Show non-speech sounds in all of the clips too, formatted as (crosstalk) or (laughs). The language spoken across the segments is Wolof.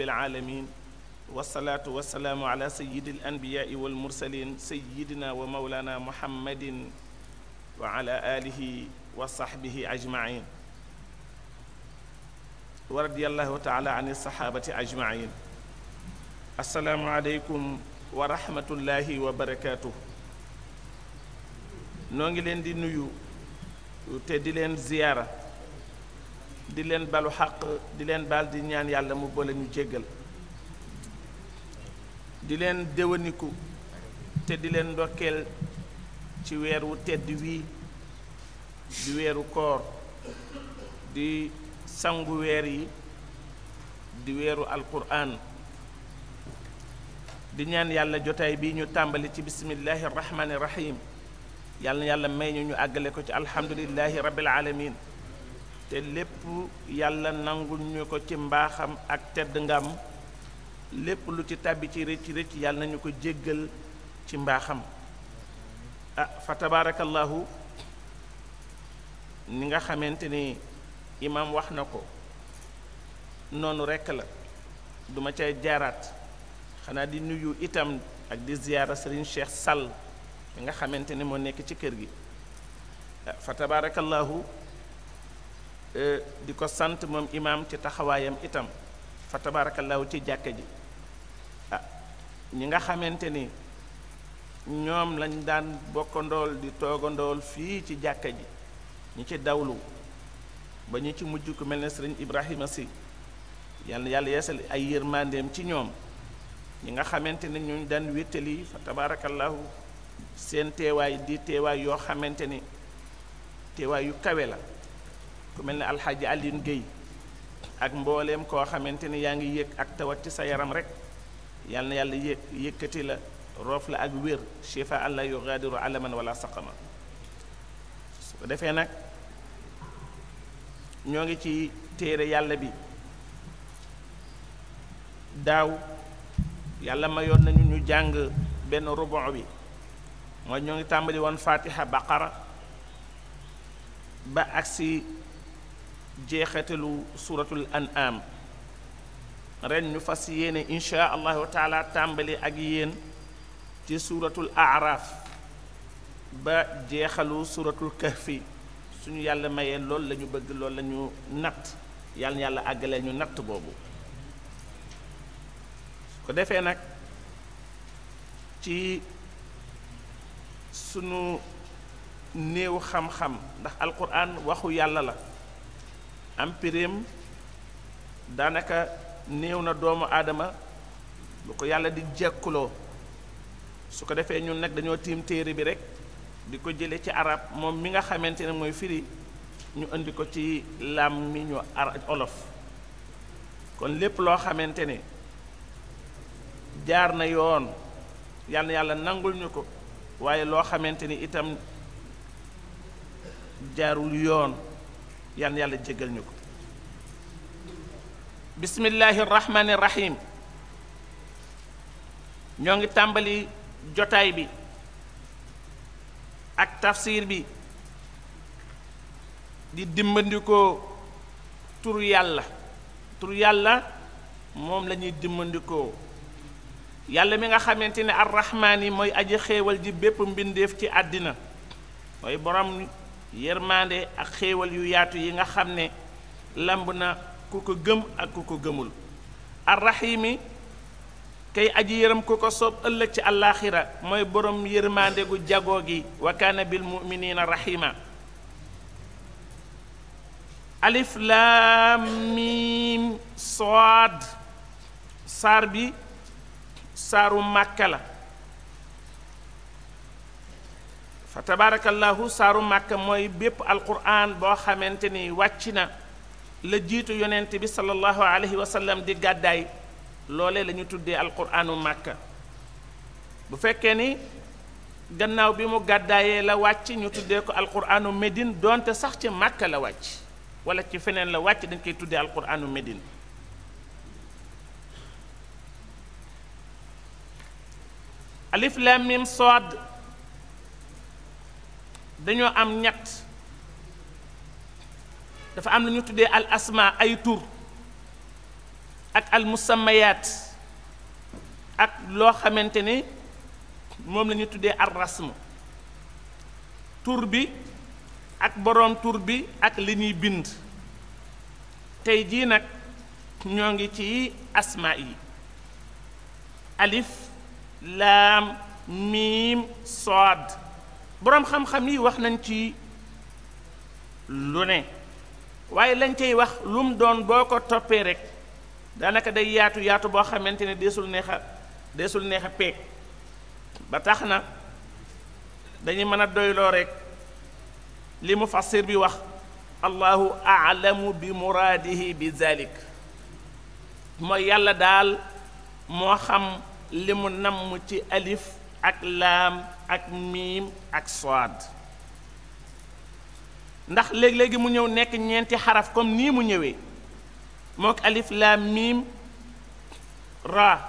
rabbil aalamiin wasalaatu wasalaamu ala sayyidil anbiyaai wal mursaliin sayyidina wa mawlaana muhammadin wa ala aalihi wa saxbihi ajmain wa radiyallahu taala an saxaabati ajmain assalaamu aleykum wa rahmatullahi wa barakaatu. noo ngi leen di nuyu te di leen ziyaara di leen balu xàq di leen baal di ñaan yàlla mu boole ñu jéggal di leen déwaniku te di leen ndokkeel ci weer wu tedd wii di weeru koor di sangu weer yi di weeru alquran di ñaan yàlla jotaay bi ñu tàmbali ci bismillahi rahmaani rahim yàlla yàlla may ñu ñu àggale ko ci alhamdulillahi rabbil alamin te lépp yàlla nangul ñu ko ci mbaaxam ak tedd ngam lépp lu ci tàbbi ci rëcc rëcc yàlla nañu ko jéggal ci mbaaxam ah fa tabaarakallahu ni nga xamante ni imaam wax na ko noonu rekk la duma cay jaaraat xanaa di nuyu itam ak di ziyaara Serigne Cheikh Sall nga xamante ni moo nekk ci kër gi ah, fa tabaarakallahu E, di ko sant moom imaam ci taxawaayam itam fa tabaarakallaahu ci jàkka ji ñi nga xamante ni ñoom lañ daan bokkandool di toogandool fii ci jàkka ji ñi ci dawlu ba ñu ci mujj ko mel ne sëriñ Ibrahima si yàlla yàlla yeesal ay yërmandeem ci ñoom ñi nga xamante ne ñu daan wéttali fa tabaarakallaahu seen teewaay di teewaay yoo xamante ni teewaay yu kawe la ku mel ni alxaaji Alioune Guèye ak mbooleem koo xamante ni yaa ngi yëg ak tawat ci sa yaram rek yal na yàlla yë yëkkati la roof la ak wér shifa an la yugaadiru alaman wala saqama su defee nag ñoo ngi ci téere yàlla bi daaw yàlla mayoon nañu ñu jàng benn rubon bi mooy ñoo ngi tàmbali woon fatiha baqara ba agsi jeexetalu suuratul an'am ren ñu fas yéene inchaa allahu taala tàmbali ak yéen ci suuratul aaraaf ba jeexalu suratul kahfi suñu yàlla mayee loolu lañu bëgg loolu lañu natt yàlla yàlla àggaleel ñu natt boobu ko defee nag ci sunu néew xam-xam ndax alquran waxu yàlla la am péréem daanaka néew na doomu aadama bu ko yàlla di jekkuloo su ko defee ñun nag dañoo tiim téere bi rek di ko jële ci arab moom mi nga xamante ne mooy firi ñu indi ko ci làmmiñu arab olof kon lépp loo xamante ne jaar na yoon yàlla yàlla nangul ñu ko waaye loo xamante ni itam jaarul yoon yan yàlla jégal ñu ko bismillahi rahmani rahim ñoo ngi tàmbali jotaay bi ak tafsir bi di dimbandikoo tur yàlla tur yàlla moom lañuy ñuy yàlla mi nga xamante ne ar rahmaan mooy aji xéewal ji bépp mbindeef ci àddina mooy borom yërmande ak xéewal yu yaatu yi nga xam ne làmb na ku ko gëm ak ku ko gëmul arrahimi kay aji yërëm ku ko soob ëllëg ci àllaaxira mooy boroom yërmande gu jagoo gi wa kaana bil muminina rahima alif laam miim sood saar bi saaru màkka la fa tabarakallahu saaru màkk mooy bépp alquran boo xamante ni wàcc na la jiitu yonent bi sallallahu alayhi wa di gàddaay loole lañu tuddee alquranu màkka bu fekkee ni gannaaw bi mu gàddaayee la wàcc ñu tuddee ko alquranu medin donte sax ci màkka la wàcc wala ci feneen la wàcc dañ koy tuddee alquranu médine alif lam dañoo am ñett dafa am lu tuddee al asma ay tur ak al musammayaat ak loo xamante ne moom lañu tuddee ar rasm tur bi ak boroom tur bi ak li ñuy bind tey jii nag ñoo ngi ci asma yi alif laam miim sood boroom xam-xam yi wax nañ ci lu ne waaye lañ cay wax lu mu doon boo ko toppee rek daanaka day yaatu yaatu boo xamante ne deesul neex desul deesul neex a peeg ba tax na dañuy mën a doyloo rek li mu fassir bi wax allahu aalamu bi muraadihi bi zalik mooy yàlla daal moo xam li mu namm ci alif ak laam ak miim ak soad ndax léeg-léegi mu ñëw nekk ñeenti xaraf comme nii mu ñëwee mook alif laam miim ra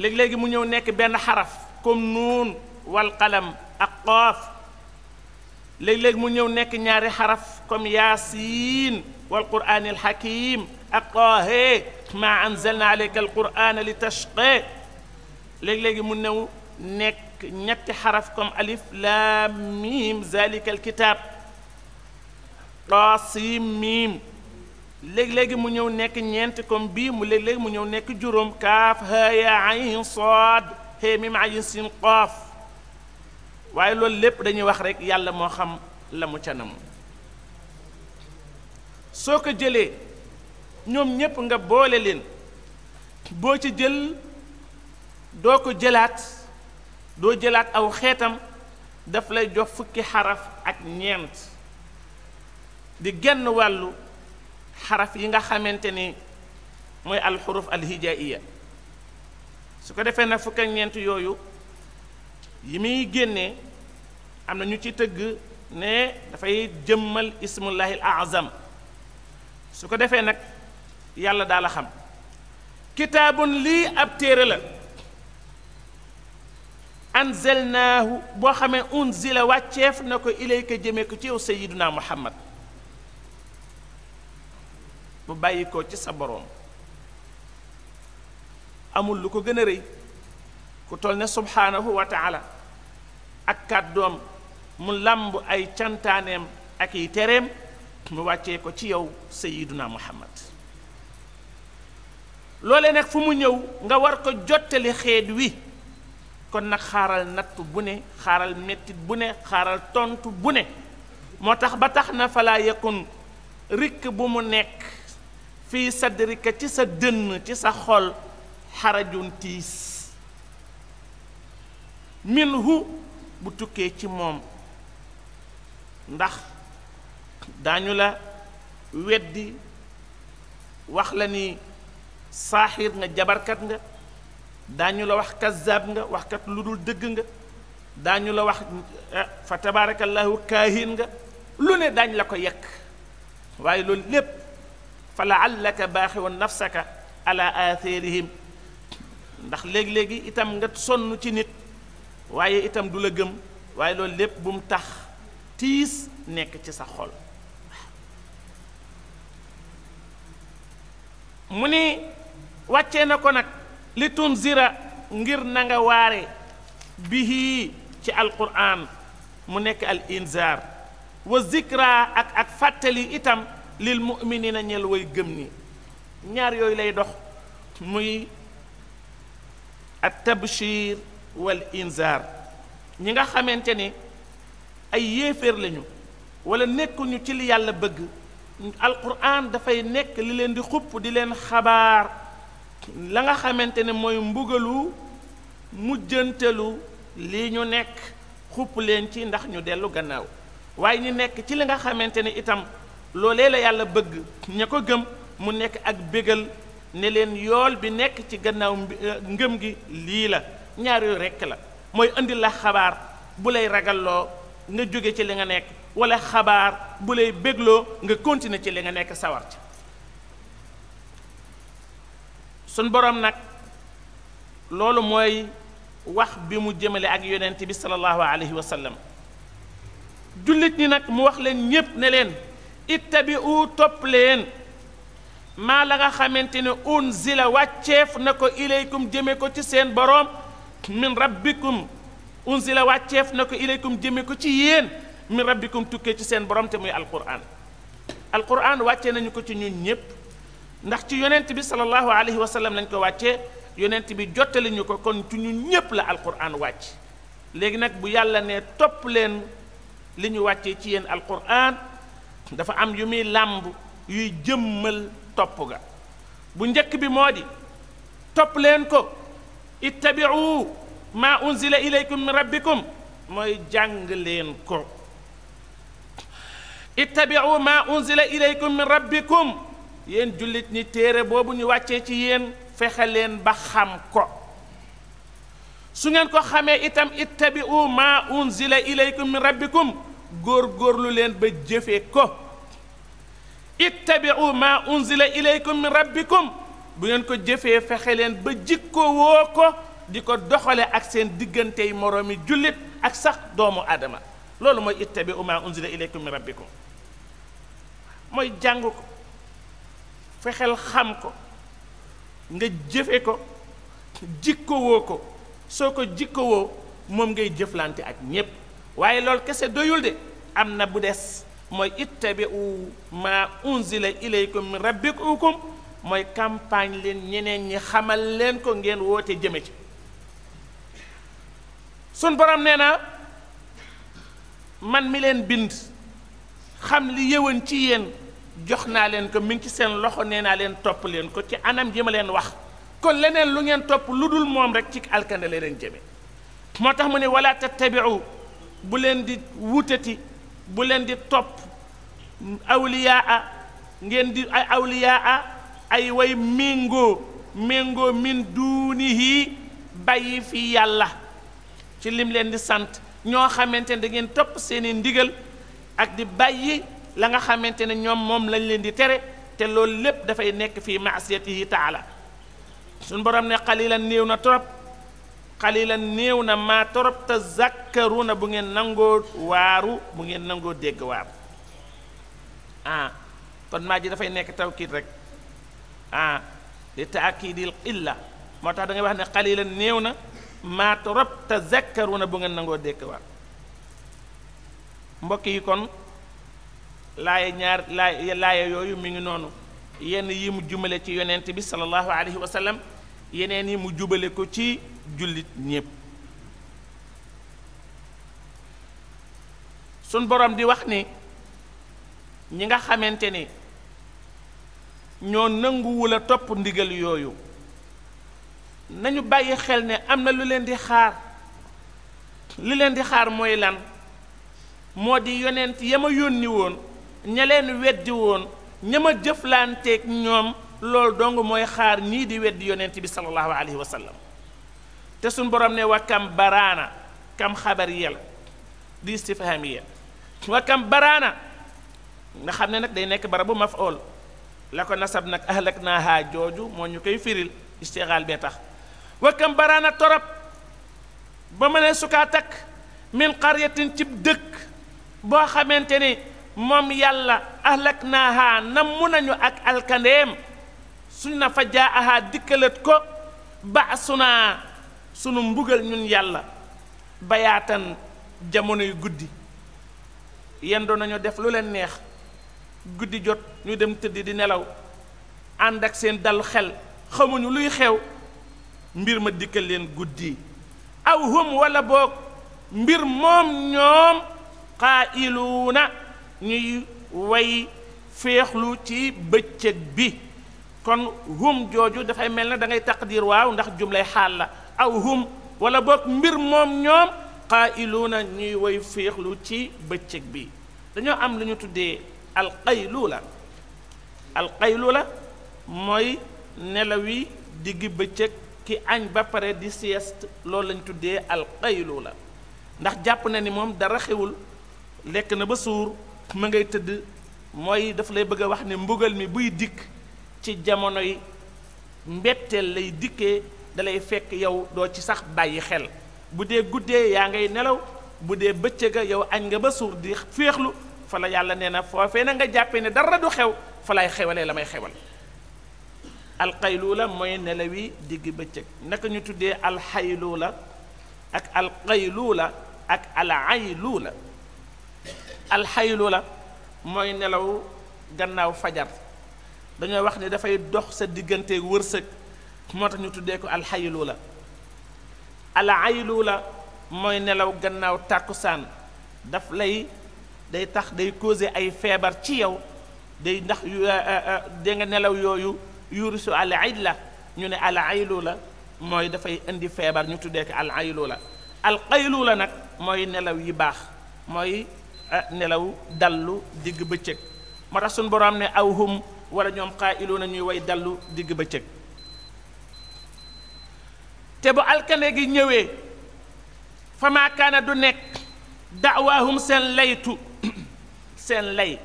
léeg-léegi mu ñëw nekk benn xaraf comme nuun wal qalam ak qaaf léeg-léegi mu ñëw nekk ñaari xaraf comme yaasiin wal quraanil hakiim ak taahe maa anzalna alayka al quraana li tashqee léeg-léegi mu ñëw nekk ñetti xaraf comme alif laam miim zalikal kitaab taasim miim léegi-léegi mu ñëw nekk ñeent comme bi mu léegi-léegi mu ñëw nekk juróom kaaf haa yaa ayn saad miim ayn siin qaaf waaye loolu lépp dañuy wax rekk yàlla moo xam la mu canam soo ko jëlee ñoom ñépp nga boole leen boo ci jël doo ko jëlaat doo jëlaat aw xeetam daf lay jox fukki xaraf ak ñeent di genn wàllu xaraf yi nga xamante ni mooy alxuruf alhijaiya su ko defee nag fukk ak ñeent yooyu yi muy génnee am na ñu ci tëgg ne dafay jëmmal ismullahi al azam su ko defee nag yàlla daal a xam kitaabun lii ab téere la anzelnaahu boo xamee unzila wàcceef na ko ilayka jëmee ko ci yow sayiduna muhammad mu bàyyi ko ci sa boroom amul lu ko gën a rëy ku toll ne subhaanahu wa ak kàddoom mu làmb ay cantaaneem ak i tereem mu wàccee ko ci yow sayiduna muhammad loole nag fu mu ñëw nga war ko jottali xeet wi kon nag xaaral natt bu ne xaaral mettit bu ne xaaral tontu bu ne moo tax ba tax na falaa yakun rikk bu mu nekk fii sadrika ci sa dënn ci sa xol xarajun tiis minhu bu tukkee ci moom ndax daañu la weddi wax la ni saaxiir nga jabarkat nga daañu la wax kazaab nga waxkat lu dul dëgg nga daañu la wax eh, fa tabaarakallaahu kaahin nga lu ne daañ la ko yekk waaye loolu lépp fa laallaka baaxiwoon nafsaka ala aathaarihim ndax léegi-léegi itam nga sonn ci nit waaye itam du la gëm waaye loolu lépp bu mu tax tiis nekk ci sa xol mu ni wàcce na ko nag li tunzira ngir nanga waare bihi ci alquran mu nekk al inzaar wa zikra ak ak fàttali itam lil muminina ñel way gëm ni ñaar yooyu lay dox muy at tabshir wal inzaar ñi nga xamante ni ay yéeféer lañu wala nekkuñu ci yàlla bëgg alquran dafay nekk li leen di xupp di leen xabaar la nga xamante ne mooy mbugalu mujjantelu lii ñu nekk xupp leen ci ndax ñu dellu gannaaw waaye ñu nekk ci li nga xamante ni itam loolee la yàlla bëgg ña ko gëm mu nekk ak bégal ne leen yool bi nekk ci gannaaw euh, ngëm gi lii la ñaar yooyu rekk la mooy indi la xabaar bu lay ragalloo nga jóge ci li nga nekk walla xabaar bu lay bégloo nga continuer ci li nga nekk sawar ci suñ boroom nag loolu mooy wax bi mu jëmale ak yonent bi sallallahu alayhi wa sallam jullit ñi nag mu wax leen ñépp ne leen ittabi'u topp leen maa la nga xamante ne unzila wàcceef na ko ilaykum jëme ko ci seen boroom min rabbikum unzila wàcceef na ko ilaykum jëme ko ci yéen min rabbikum tukkee ci seen boroom te muy alquran alquran wàccee nañu ko ci ñun ñépp ndax ci yonent bi sallallahu alayhi wa sallam lañ ko wàccee yonent bi jottali ñu ko kon ci ñun ñépp la alquran wàcc léegi nag bu yàlla ne topp leen li ñu wàccee ci yéen alquran dafa am yu muy làmb yuy jëmmal topp ga bu njëkk bi moo di topp leen ko ittabiu ma unzila ilaykum min rabbikum mooy jàng leen ko ittabiu ma unzila ilaykum min rabbikum yéen jullit ñi téere boobu ñu wàccee ci yéen fexe leen ba xam ko su ngeen ko xamee itam ittabi'u ma unzila ilaykum min rabbikum góorlu leen ba jëfe ko ittabi'u ma unzila ilaykum min rabbikum bu ngeen ko jëfee fexe leen ba jikko woo ko di ko doxale ak seen diggantey moroomi jullit ak sax doomu aadama loolu mooy ittabi'u ma unzila ilaykum min rabbikum mooy jàng ko fexeel xam ko nga jëfe ko jikkowoo ko soo ko jikkowoo moom ngay jëflante ak ñépp waaye lool kese doyul de am na bu des mooy ittabi'u ma unzila ilaykum min rabbikum mooy campagne leen ñeneen ñi xamal leen ko ngeen woote jëme ci sun borom nee na man mi leen bind xam li yëwan ci yéen jox naa leen ko mi ngi ci seen loxo nee naa leen topp leen ko ci anam ji ma leen wax kon leneen lu ngeen topp lu dul moom rek ci alkande la leen jëme moo tax mu ne wala tattabiu bu leen di wutati bu leen di topp awliyaa ngeen di ay awliyaa ay way méngoo méngoo min yi bàyyi fi yàlla ci lim leen di sant ñoo xamante ne dangeen topp seeni ndigal ak di bàyyi la nga xamante ne ñoom moom lañ leen di tere te loolu lépp dafay nekk fii maasiyatihi taala suñ borom ne xalilan néew na trop xalilan néew na maa trop te zakkaru na bu ngeen nangoo waaru bu ngeen nangoo dégg waar ah ji dafay nekk tawkiit rek ah li taakidil illa moo tax da ngay wax ne xalilan néew na maa trop bu ngeen nangoo dégg yi kon laaya ñaar laaya laaya yooyu mi ngi noonu yenn yi mu jumale ci yonent bi sallallahu alayhi wa yeneen yi mu jubale ko ci jullit ñépp sun borom di wax ni ñi nga xamante ni ñoo nanguwula topp ndigal yooyu nañu bàyyi xel ne am na lu leen di xaar li leen di xaar mooy lan moo di yonent ya ma yónni woon ña leen weddi woon ña ma jëflanteeg ñoom loolu dong mooy xaar ñii di weddi yonent bi sallallahu alayhi wa te suñ borom ne wa baraana kam xabar yel di istifhamiya wa kam baraana nga xam ne nag day nekk barabu mafool la ko nasab nag ahlak naahaa jooju moo ñu koy firil istigaal bee tax wa kam baraana torop ba ma ne sukaa takk min cib dëkk boo xamante ni moom yàlla ahlak naaha namm nañu ak alkandeem suñ na fa jaa aha dikkalat ko baasunaa sunu mbugal ñun yàlla bayaatan jamonoy guddi yendoo nañu def lu leen neex guddi jot ñu dem tëdd di nelaw ànd ak seen dal xel xamuñu luy xew mbir ma dikkal leen guddi aw hum wala boog mbir moom ñoom qaa'iluuna ñuy way féexlu ci bëccëg bi kon hum jooju dafay mel ne dangay ngay taqdir waaw ndax jumlay xaal la aw hum wala boog mbir moom ñoom qaa'iluuna ñuy way féexlu ci bëccëg bi dañoo am lu ñu tuddee alqayluula alqayluula mooy nelawi digg bëccëg ki añ ba pare di sieste loolu lañ tuddee alqayluula ndax jàpp na ni moom dara xewul lekk na ba suur ma ngay tëdd mooy daf lay bëgg wax ne mbugal mi buy dikk ci jamonoy mbetteel lay dikkee dalay fekk yow doo ci sax bàyyi xel bu dee guddee yaa ngay nelaw bu dee bëccëga yow añ nga ba suur di féexlu fa la yàlla nee na foofee na nga jàppee ne dara du xew fa lay xewalee la may xewal alxayluula mooy nelawi digg bëccëg naka ñu tuddee la ak alxayluula ak alxayluula alxaylu la mooy nelaw gannaaw fajar dañoo wax ni dafay dox sa diggante wërsëg moo tax ñu tuddee ko alxaylu la alaylu la mooy nelaw gannaaw tàkkusaan daf lay day tax day causé ay feebar ci yow day ndax euh, euh, euh, da nelaw yooyu yuurisu alayl la ñu ne alaylu la mooy dafay indi feebar ñu tuddee ko alaylu mooy nelaw yi baax mooy nelaw dallu digg bëccëg moo tax suñu boroom ne aw hum wala ñoom xaa iloo na ñuy way dallu digg bëccëg te bu alkande gi ñëwee famaakaana du nekk daawaahum seen laytu (clears throat) seen lay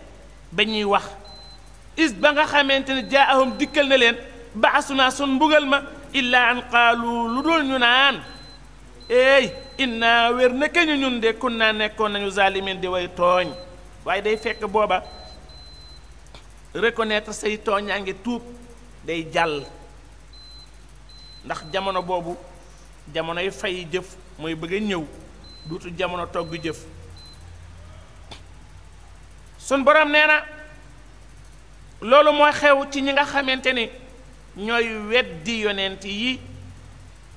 ba ñuy wax is ba nga xamante ne jaahum dikkal na leen baasunaa sun mbugal ma illaa an lu dul ñu naan eey inna wér naka ñu ñun de kun naa nekkoon nañu zalimin di way tooñ waaye day fekk booba reconnaître say tooñ yaa ngi tuub day jàll ndax jamono boobu jamonoy fay jëf mooy bëgg ñëw duutu jamono togg jëf sun borom nee na loolu mooy xew ci ñi nga xamante ni ñooy di yonent yi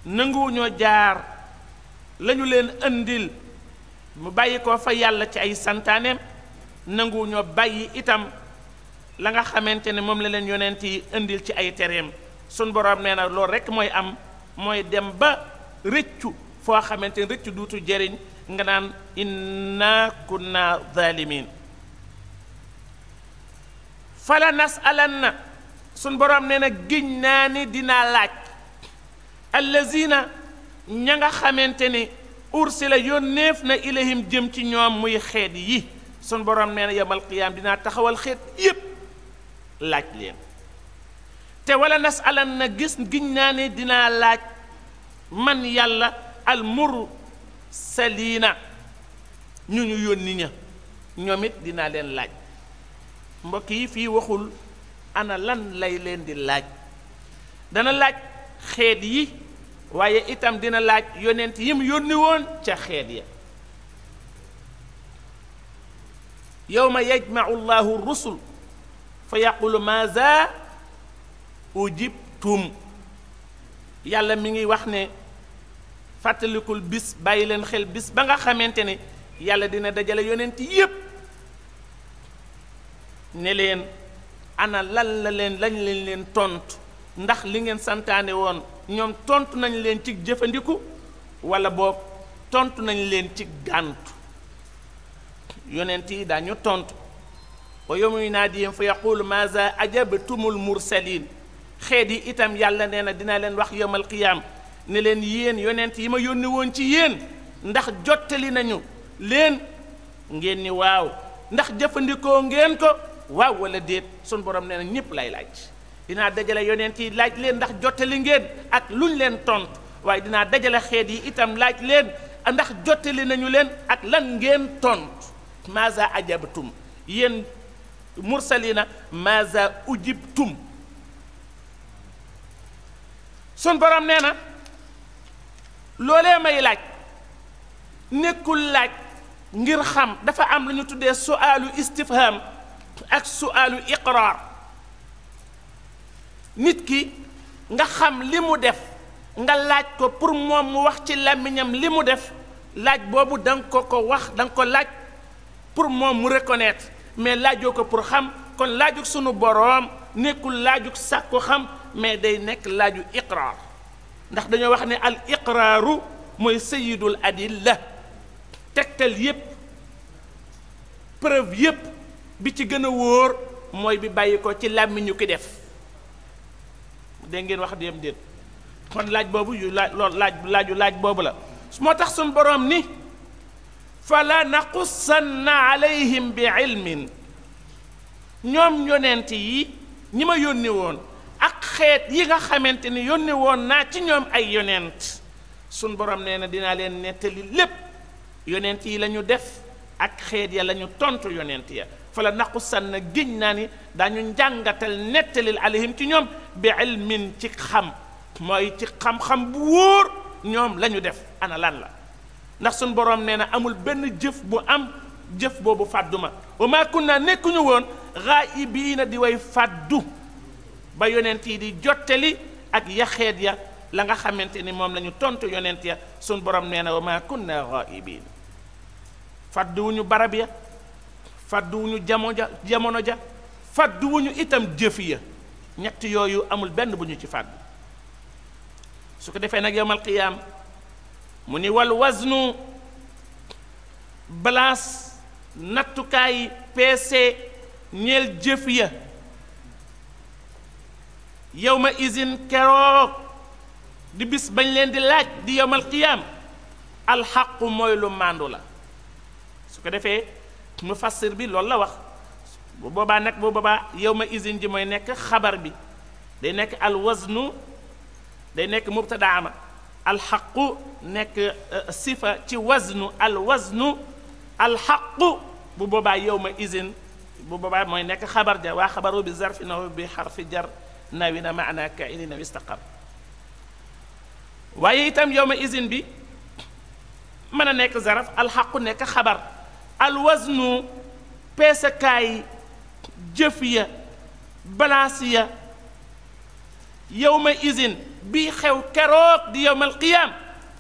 nanguwu jaar lañu leen andil mu bàyyi ko fa yàlla ci ay santaaneem nangu ñoo bàyyi itam la nga xamante ne moom la leen yonent yi indil ci ay tereem sun boroom nee na loolu rekk mooy am mooy dem ba rëccu foo xamante ne rëccu duutu jariñ nga naan inna kunna zalimin fala nas nasalanna sun boroom nee na giñ naa ni dinaa laaj allazina ña nga xamante ni ursila yónneef na ilayhim jëm ci ñoom muy xeet yi sun borom nee na yomal qiyaam dinaa taxawal xeet yépp laaj leen te wala nas alan na gis giñ naa ne dinaa laaj man yàlla al mursaliina ñu ñu yónni ña ñoom it dinaa leen laaj mbokk yi fii waxul ana lan lay leen di laaj dana laaj xeet yi waaye itam dina laaj yonent yim yónni woon ca xeet ya yowma yajmau llahu rusul fa yaqulu maza ujibtum yàlla mi ngi wax ne fàttalikul bis bàyyi leen xel bis ba nga xamante ne yàlla dina dajale yonent yépp ne leen ana lan la leen lañ leen leen tontu ndax li ngeen santaane woon ñoom tontu nañ leen ci jëfandiku wala boog tontu nañ leen ci gàntu yonent yi daañu tontu wa yawma yunaadihim fa yaqulu maaza ajabtumul mursalin xeet yi itam yàlla nee na dinaa leen wax yawmal qiyaam ne leen yéen yonent yi ma yónni woon ci yéen ndax jottali nañu leen ngeen ni waaw ndax jëfandikoo ngeen ko waaw wala déet sun borom nee na ñëpp lay laaj dinaa dajale yonent yi laaj leen ndax jottali ngeen ak luñ leen tontu waaye dinaa dajale xeet yi itam laaj leen ndax jottali nañu leen ak lan ngeen tontu maza ajabtum yéen mursalina maza ujibtum sun borom nee na loolee may laaj nekkul laaj ngir xam dafa am lu ñu tuddee su'aalu istifham ak su'aalu iqraar nit ki nga xam li mu def nga laaj ko pour moom mu wax ci làmmiñam li mu def laaj boobu da ko ko wax danga ko laaj pour moom mu reconnaître mais laajoo ko pour xam kon laajug sunu boroom nekkul laajug sàkku xam mais day nekk laaju iqraar ndax dañoo wax ne al iqraaru mooy sayidul adilla tegtal yépp preuve yépp bi ci gën a wóor mooy bi bàyyi ko ci làmmiñu ki def dégg ngeen wax dem déet kon laaj boobu yu laaj loolu laaj laaju laaj boobu la su moo tax suñu boroom ni fala fa la naqussanna alayhim bi ilmin ñoom yonent yi ñi ma yónni woon ak xeet yi nga xamante ni yónni woon naa ci ñoom ay yonent suñ borom nee na dinaa leen nettali lépp yonent yi lañu def ak xeet ya lañu tontu yonent ya fala la naqussan na géñ naa ni daañu njàngatal nettalil alayhim ci ñoom bi ilmin ci xam mooy ci xam-xam bu wóor ñoom lañu def analaan la ndax suñ boroom nee na amul benn jëf bu am jëf boobu fàddu ma wa maa kunna nekkuñu woon gaa'ibiina di way fàddu ba yonent yi di jottali ak yaxeet ya la nga xamante ni moom lañu ñu tontu yonent ya suñ borom nee na wa maa kunna gaa'ibiin fàdduwuñu barab ya fàdduwuñu jamono ja jamono ja fàdduwuñu itam jëf ya ñett yooyu amul benn bu ñu ci fàddu su ko defee nag yowmal qiyaam mu ni wal wasnu balaas nattukaay peese ñeel jëf ya yowma isin keroog di bis bañ leen di laaj di yowmal qiyaam alxaqu mooy lu màndu la su ko defee mu mufassir bi loolu la wax bu boobaa nag bu boobaa yow ma izin ji mooy nekk xabar bi day nekk al waznu day nekk mubtadaa ma alxaqu nekk euh, sifa ci waznu al waznu alxaqu bu boobaa yow ma izin bu boobaa mooy nekk xabar ja waa xabaru bi zarfi naw bi xarfi jar nawi na maana kainina wistaqar waaye itam yow ma izin bi mën a nekk zaraf alxaqu nekk xabar alwasnu peesakaay jëf ya balaas ya yowma isin bi xew keroog di yowmal qiyaam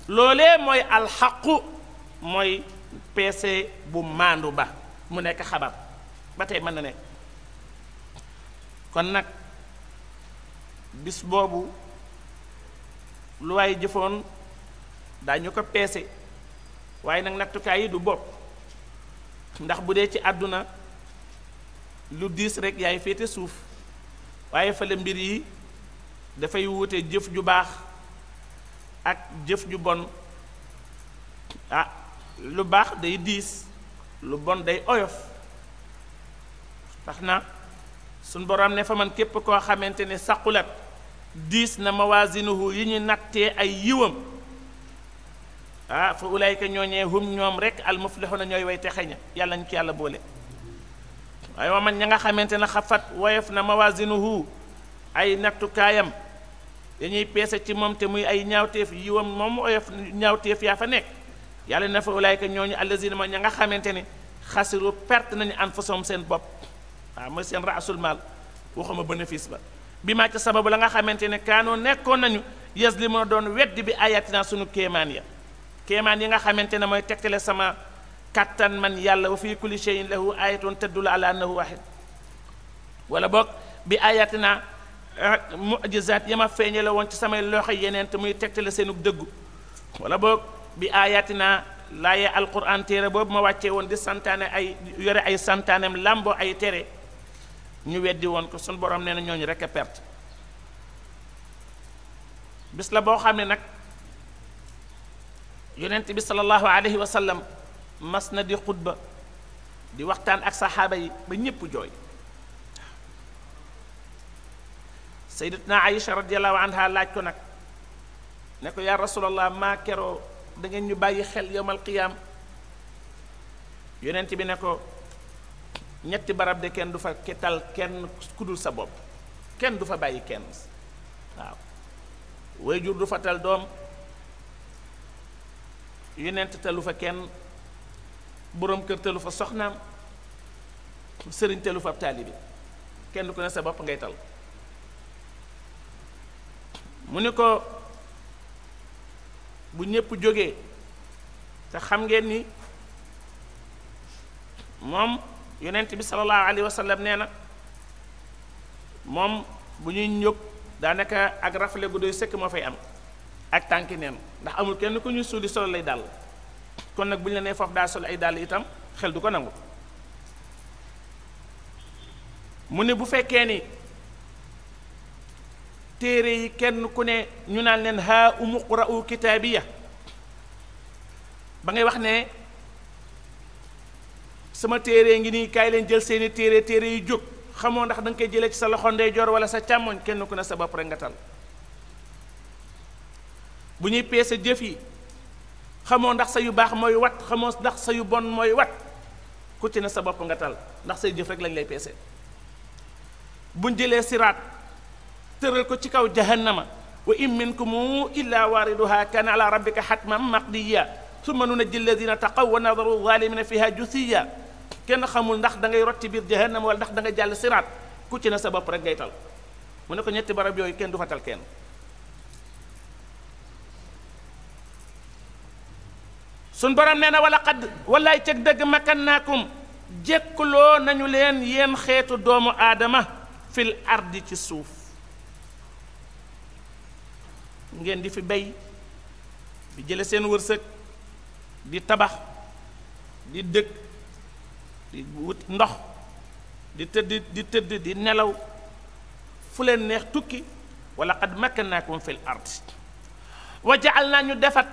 loolee mooy alxaqu mooy peese bu maandu ba mu nekk xabar ba tey mën na nekk kon nag bis boobu lu waaye jëfoon daañu ko peese waaye nag nattukaay yi du bokk ndax bu dee ci àdduna lu diis rek yaay féete suuf waaye fale mbir yi dafay wuute jëf ju baax ak jëf ju bon ah lu baax day diis lu bon day oyof tax na suñ borom ne fa man képp koo xamante ne saqulat diis na mawazinuhu yi ñu nattee ay yiwam ah fa ulaayka ñooñee hum ñoom rek al muflihuna ñooy way texe ña yàlla ñu ci yàlla boole waaye wa man ña nga xamante ne xafat woyof na mawazinuhu ay nattukaayam dañuy peese ci moom te muy ay ñaawteef yiwam moom woyof ñaawteef yaa fa nekk yàlla na fa ulaayka ñooñu allazina ma ña nga xamante ne xasiru perte nañu anfusahum seen bopp waaw mooy seen raasul maal waxuma bénéfice ba bi ma ca sababu la nga xamante ne kaanoo nekkoon nañu yas li ma doon weddi bi ayatina sunu kéemaan ya kéemaan yi nga xamante ne mooy tegtale sama kàttan man yàlla wa fii kulli shay'in lahu ayatun tadullu ala annahu wahid wala boog bi ayatina eh, mujizaat yama feeñe la woon ci samay loxo yeneen te muy tegtale seenub dëggu wala boog bi ayatina laaye alquran téere boobu ma wàccee woon di santaane ay yore ay santaaneem làmboo ay tere ñu weddi woon ko suñ borom nee na ñooñu rek perte bis la boo xam ne nag yonent bi sallallahu alayhi wa mas na di xutba di waxtaan ak saxaaba yi ba ñépp jooy sayyidatuna Aïcha radiyallahu anha laaj ko nag ne ko yaa rasulallah maa keroo da ngeen ñu bàyyi xel yowmal qiyaam yonent bi ne ko ñetti barab de kenn du fa ketal kenn kudul sa bopp kenn du fa bàyyi kenn waaw waajur du fa tal doom yonent telu fa kenn boroom kër telu fa soxnaam sëriñ telu fa ab taalibi kenn ko ne sa bopp ngay tal mu ni ko bu ñépp jógee te xam ngeen ni moom yonent bi sallallahu alayhi wa nee na moom bu ñuy ñëg daanaka ak rafle gu doy sëkk moo fay am ak tànki neen ndax amul kenn ku ñuy suuli solo lay dàll kon nag bu ñu la nee foofu daa solo ay dàll itam xel du ko nangu mu ne bu fekkee ni téere yi kenn ku ne ñu naan leen haa umuqra'u kitaabiya ba ngay wax ne sama téere ngi nii kaay leen jël seeni téere téere yu jóg xamoo ndax da koy jëlee ci sa loxo ndeyjoor wala sa càmmoñ kenn ku ne sa bopp rek nga tal bu ñuy peese jëf yi xamoo ndax sa yu baax mooy wat xamoo ndax sa yu bon mooy wat ku na sa bopp nga tal ndax say jëf rek lañ lay peese buñ jëlee siraat tëral ko ci kaw jahannama wa in minkum illa waariduha kana ala rabbika xatman maqdiya summa nunajji alladina taqaw wa nadaru zalimina fiha jusiya kenn xamul ndax da ngay rot ci biir jahannama wala ndax danga jàll siraat ku na sa bopp rek ngay tal mu ne ko ñetti barab yooyu kenn du fa kenn suñ borom nee na wala xadd wallaay cëg dëgg makkannaakum jekkuloo nañu leen yéen xeetu doomu aadama fil ardi ci suuf ngeen di fi bay di jële seen wërsëg di tabax di dëkk di wut ndox di tëdd di tëdd di nelaw fu leen neex tukki wala xad makkannaakum fil ardi wa jaal naa ñu defat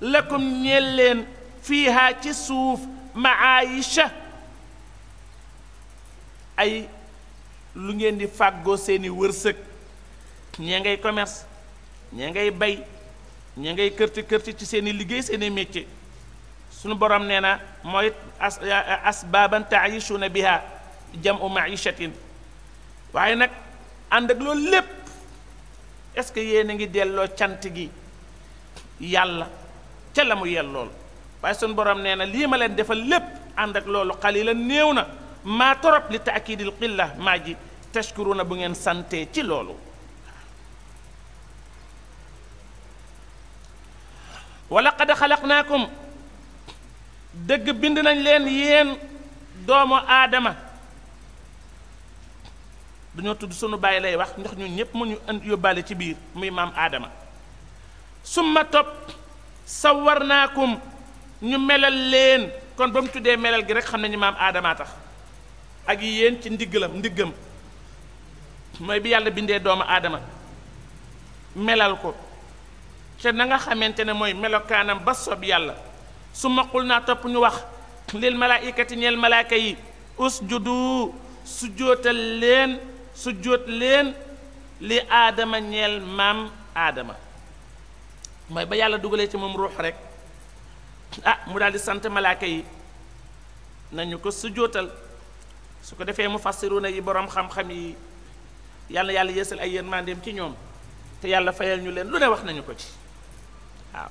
lakum ñeel leen fiiha ci suuf maayisha ay lu ngeen di fàggoo seeni wërsëg ñee ngay commerce ñee ngay bay ñee ngay kërti kërti ci seeni liggéey seeni métier suñu borom nee na mooy as asbaaban taayishuna biha jamu maishatin waaye nag ànd ak loolu lépp est-ce que yéen a ngi delloo cant gi yàlla ca la mu yel lool waaye sunu borom nee na lii ma leen defal lépp ànd ak loolu xalila néew na maa torop li taakidil qilla maa ji na bu ngeen sante ci loolu wa laqad xalaqnaakum dëgg bind nañ leen yéen doomu aadama dañoo tudd sunu bàyyi lay wax ndox ñun ñépp mu ñu yóbbaale ci biir muy maam aadama summa topp sawarnaakum ñu melal leen kon ba mu tuddee melal gi rek xam nañu maam aadamaa tax ak yéen ci ndigg ndiggalam ndiggam mooy bi yàlla bindee doomu aadama melal ko te na nga xamante ne mooy melokaanam ba sob yàlla su maqul naa topp ñu wax lil malaayikati ñeel malaaka yi usjudu sujjóotal leen sujjóot leen li aadama ñeel maam aadama mooy ba yàlla dugalee ci moom ruux rek ah mu daal di sant malaaka yi nañu ko sujjóotal su ko defee mu fassiruna yi boroom xam-xam yi yàlla yàlla yeesal ay yërmandeem ci ñoom te yàlla fayal ñu leen lu ne wax nañu ko ci waaw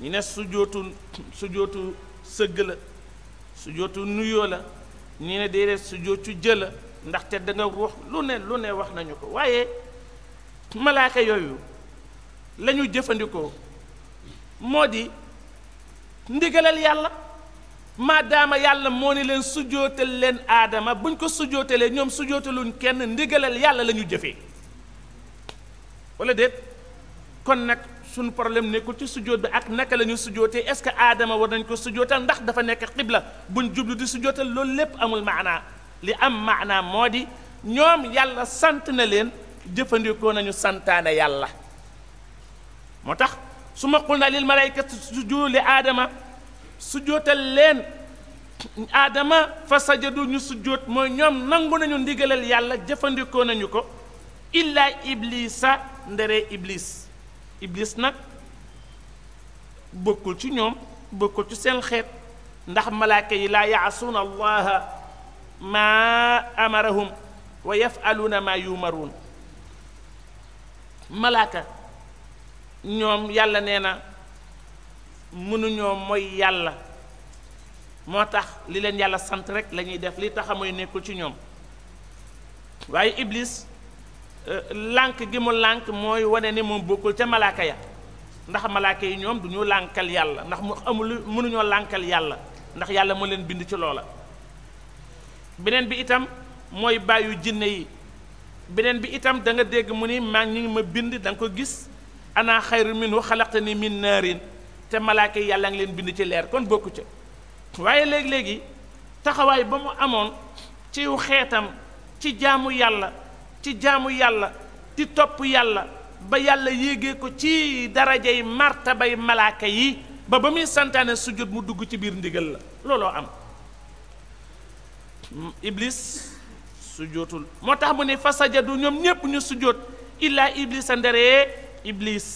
ñu ne sujjóotu sujjóotu sëgg la sujjóotu nuyoo la ñu ne déedéet sujjóotu jë la ndaxte da nga wax lu ne lu ne wax nañu ko waaye malaaka yooyu la ñu jëfandikoo moo di ndigalal yàlla maadaama yàlla moo ni leen sujjootal leen aadama buñ ko sujjootalee ñoom sujjootaluñ kenn ndigalal yàlla la ñu jëfee wala de kon nag suñu problème nekkul ci sujjoot bi ak naka la ñu sujjootee ce que aadama war nañ ko sujjootal ndax dafa nekk xibla buñ jublu di sujjootal loolu lépp amul maanaa li am maanaa moo di ñoom yàlla sant na leen jëfandikoo nañu santaane yàlla moo tax su ma qul na lil malaykati sujudu li aadama sujootal leen aadama fa sajadu ñu sujoot mooy ñoom nangu nañu ndigalal yàlla jëfandikoo nañu ko illa iblisa ndere iblis iblis nag bokkul ci ñoom bokkul ci seen xeet ndax malaaka yi laa yaasuuna allaha maa amarahum wa yafaluuna maa yumaruun malaaka ñoom yàlla nee na mënuñoo mooy yàlla moo tax li leen yàlla sant rek lañuy def li tax a mooy nekkul ci ñoom waaye iblis euh, lànk gi mu lànk mooy wane ni moom bokkul ca malaaka ya ndax malaaka yi ñoom du ñu lànkal yàlla ndax mu amul mënuñoo lànkal yàlla ndax yàlla moo leen bind ci loola beneen bi itam mooy bàyyu jinne yi beneen bi itam danga dégg mu ni maa ngi ma bind danga ko gis ana xayru minhu xalaqtani min naarin te malaaka yi yàlla ngi leen bind ci leer kon bokku ca waaye léegi-léegi taxawaay ba mu amoon ci xeetam ci jaamu yàlla ci jaamu yàlla di topp yàlla ba yàlla yéegee ko ci darajay martabay malaaka yi ba ba muy santaane sujjut mu dugg ci biir ndigal la looloo am iblis sujjootul moo tax mu ne fa sajadu ñoom ñépp ñu sujjoot illaa iblisa nderee iblis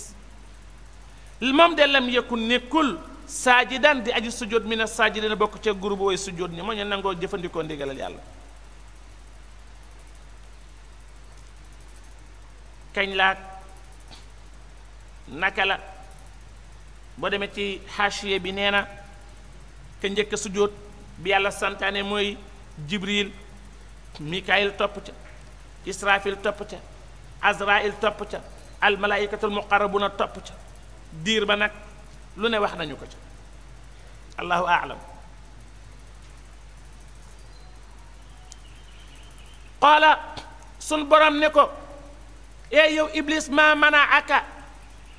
moom de lam yëkkun nekkul saajidan di aji sujjóot mi ne saajidina bokk ca groupe way sujjóot ñi moo ñu nangoo jëfandikoo ndigalal yàlla kañ laak naka la boo demee ci xaasiye bi nee na ka njëkk sujjóot bi yàlla santaane mooy jibril mikaayil topp ca israfil topp ca azrail topp ca al malaayikatul muqarrabuna topp ca diir ba nag lu ne wax nañu ko ca allahu aalam qaala sun borom ne ko ee yow iblis ma manaaka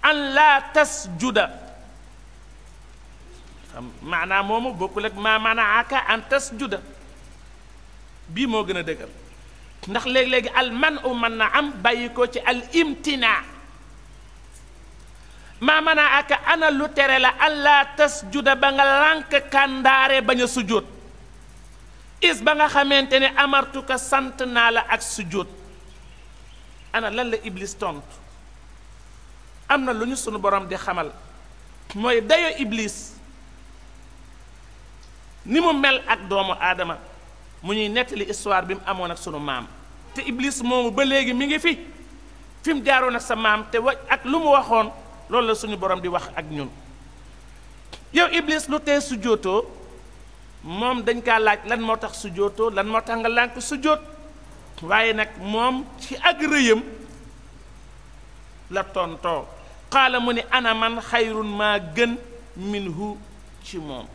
an laa tasjuda xam maanaa moomu bokkul ak ma manaaka an tasjuda bii moo gën a dëgër ndax léegi-léegi al man u mën na am bàyyikoo ci al imtina maa mën a aka ana lu tere la allah tasjuda ba nga lànk kàndaare bañ a sujjóot is ba nga xamante ne amartuka sant naa la ak sujjóot ana lan la iblis tontu am na lu ñu sunu borom di xamal mooy dayo iblis ni mu mel ak doomu aadama mu ñuy nettali histoire bi mu amoon ak sunu maam te Iblis moomu ba léegi mi ngi fi fi mu jaaroon ak sa maam te wa ak lu mu waxoon loolu la suñu borom di wax ak ñun yow Iblis lu tee su jootoo moom dañ kaa laaj lan moo tax su jootoo lan moo tax nga lànk su joot waaye nag moom ci ak rëyam la tontoo xaala mu ni ana man xayrun maa gën minhu ci moom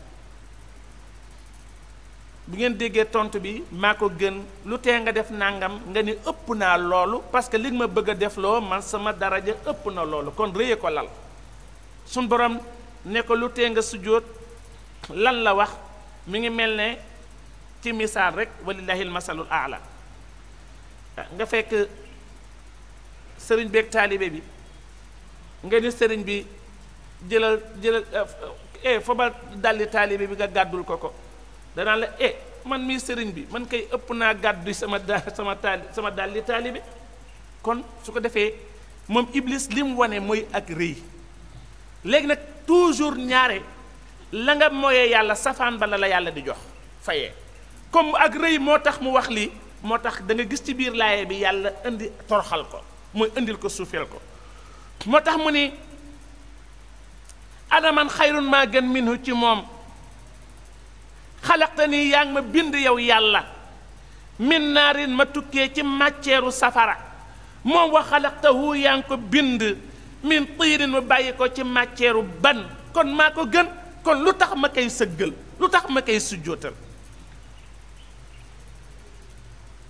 bu ngeen déggee tontu bi maa ko gën lu tee nga def nangam nga ni ëpp naa loolu parce que li ma bëgg a def loo man sama daraja ëpp na loolu kon rëye ko lal suñ borom ne ko lu tee nga sujjóot lan la wax mi ngi mel ne ci misaal rek walillahil masalul aala nga fekk sëriñ beeg taalibe bi nga ni sëriñ bi jëlal jëlal eh, eh fobal dalli taalibe bi nga gàddul ko ko danaa la e man mii sëriñ bi man kay ëpp naa gàddu sama da sama taali sama daal li taalibe kon su ko defee moom iblis li mu wane mooy ak rëy léegi nag toujours ñaare la nga moyee yàlla safaan bala la yàlla di jox fayee comme ak rëy moo tax mu wax lii moo tax danga gis ci biir laaye bi yàlla indi torxal ko mooy indil ko suufeel ko moo tax mu ni adaman xayrun maa gën minhu ci moom xalaqtani yaa ngi ma bind yow yàlla min naarin ma tukkee ci màcceeru safara moom wa xalaqtahu yaa ngi ko bind min tiirin ma bàyyi ko ci màcceeru ban kon maa ko gën kon lu tax ma koy sëggal lu tax ma koy sujjootal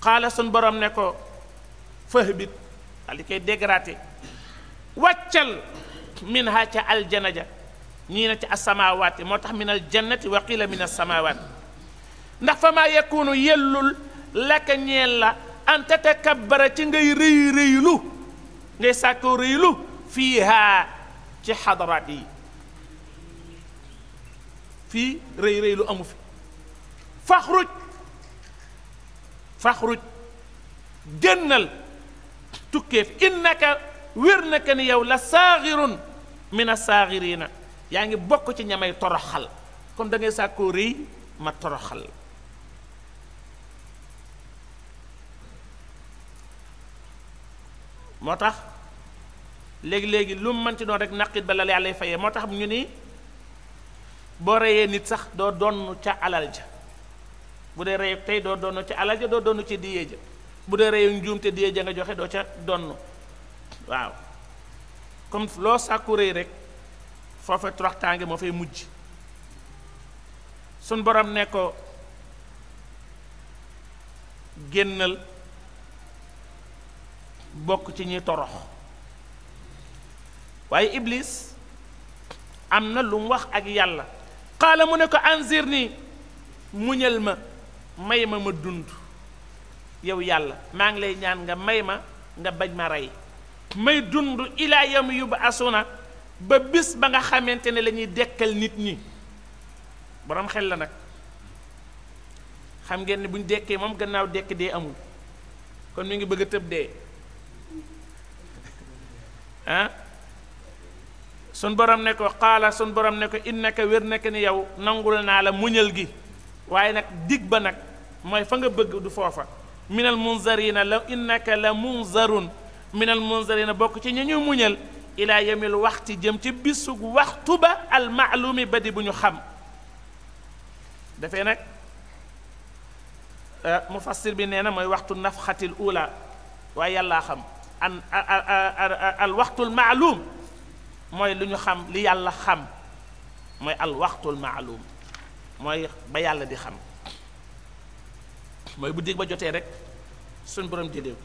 xaala sun borom ne ko fëhbit daal koy dégraté wàccal min ha ca ja ñii na ci asamawaati moo tax min al jannati wa qila min asamawaati ndax fa maa yakunu yellul laka ñeel la an tatakabbara ci ngay rëy rëylu ngay sàkkoo rëylu fiiha ci xadaraat yi fii rëy rëylu amu fi faxruj faxruj génnal tukkeef innaka wér naka ni yow la saaxirun min a saaxirina yaa ngi bokk ci ñamay toroxal comme da ngay sàkkoo rëy ma toroxal moo tax léegi-léegi lu mu mën ci doon rek naqit ba la yàlla fayee moo tax ñu nii boo reyee nit sax doo donn ca alal ja bu dee reyu tey doo donn ca alal ja doo donn ca diyee ja bu dee reyu njuum te diyee ja nga joxe doo ca donn waaw comme loo sàkku rëy rek foofa toroxtaange moo fay mujj sun borom ne ko génnal bokk ci ñi torox waaye iblis am na lu mu wax ak yàlla xaala mu ne ko anzir ni muñal ma may ma ma dund yow yàlla maa ngi lay ñaan nga may ma nga bañ ma rey may dund ilaa yam yu ba asuna ba bis ba nga xamante ne lañuy ñuy dekkal nit ñi boroom xel la nag xam ngeen ne bu ñu dekkee moom gannaaw dekk dee amul kon mi ngi bëgg a tëb dee (laughs) ah sun borom ne ko xaala sun borom ne ko innaka wér na ni yow nangul naa la muñal gi waaye nag dig ba nag mooy fa nga bëgg du foofa miinal minal munzarina la innaka la munzarun minal munzarina bokk ci ñu ñu muñal ilaa yemil waxti jëm ci bisug waxtu ba almaalumi ba di bu ñu xam dafee nag euh, mufassir bi nee na mooy waxtu nafxatil ula waaye yàllaa xam an al waxtul maalum mooy lu ñu xam li yàlla xam mooy al waxtul maalum mooy ba yàlla di xam mooy bu dig ba jotee rek suñ borom jëlee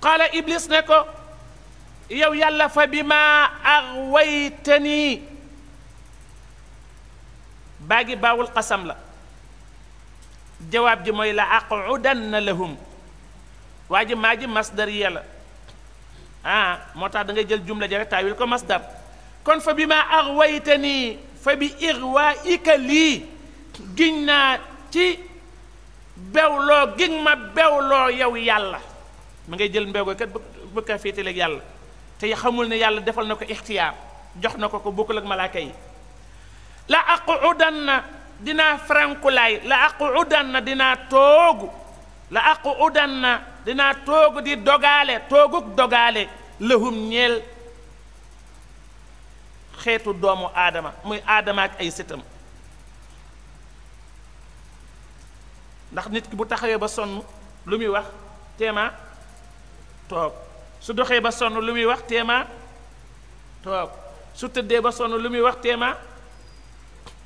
ko iblis ne yow yàlla fa bi ma aghwaytani baa gi baawul qasam la jawaab ji mooy la aqudanna lahum waa ji maa ji masdar ya la ah moo tax da ngay jël jumla ja rek taawil ko masdar kon fa bi ma aghwaytani fa bi igwaika lii giñ naa ci bewloo gig ma bewloo yow yàlla ma ngay jël mbew kat bëgg a féetaleeg yàlla te xamul ne yàlla defal na ko ixtiyaar jox na ko ko bokkul lag malaaka yi la aqudanna dinaa frankulaay la aqudanna dinaa toogu la aqudanna dinaa toogu di dogaale tooguk dogaale lahum ñeel xeetu doomu aadama muy aadama ay sëtam ndax nit ki bu taxawee ba sonn lu muy wax téema toog su doxee ba sonn lu muy wax téema toog su tëddee ba sonn lu muy wax téema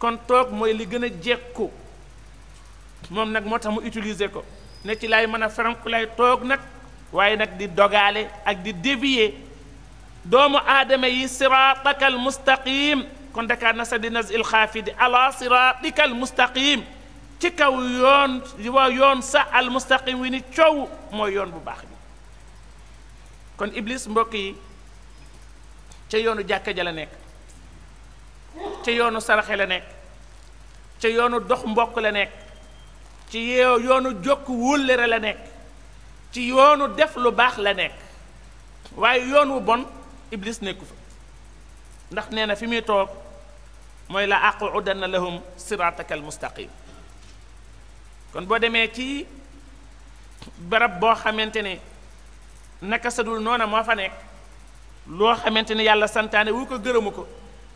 kon toog mooy li gën a jekku moom nag moo tax mu utiliser ko ne ci laay mën a faranku lay toog nag waaye nag di dogaale ak di dévier doomu aadama yi siraataka al mustaqim kon dakaar na sa di nas il xaafi di ala siraatika al ci kaw yoon waa yoon sa al mustaqim wi ni coow mooy yoon bu baax bi kon iblis mbokk yi ca yoonu jàkka ja la nekk ca yoonu saraxe la nekk ca yoonu dox mbokk la nekk ci yeew yoonu jokk wóllëre la nekk ci yoonu def lu baax la nekk waaye yoon wu bon iblis nekku fa ndax nee na fi muy toog mooy la aqudanna lahum siratakal mustaqim kon boo demee ci barab boo xamante ne naka sadul noona moo fa nekk loo xamante ne yàlla santaane wu ko gërëmu ko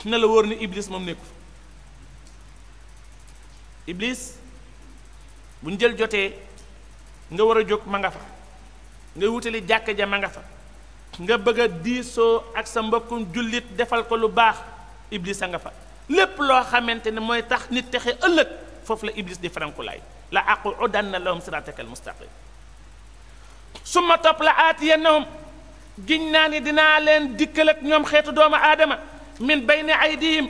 na la wóor ni iblis moom nekku iblis bu njël jotee nga war a jóg ma nga fa nga wutali jàkk ja ma nga fa nga bëgg a diisoo ak sa mbokkum jullit defal ko lu baax iblis a nga fa lépp loo xamante ne mooy tax nit texe ëllëg foofu la iblis di farankulaay la aqudanna lahum siratakal mustaqim summa topp la aatiyannahum giñ naa ni dinaa leen dikkal ak ñoom xeetu doomu aadama min bayni aydihim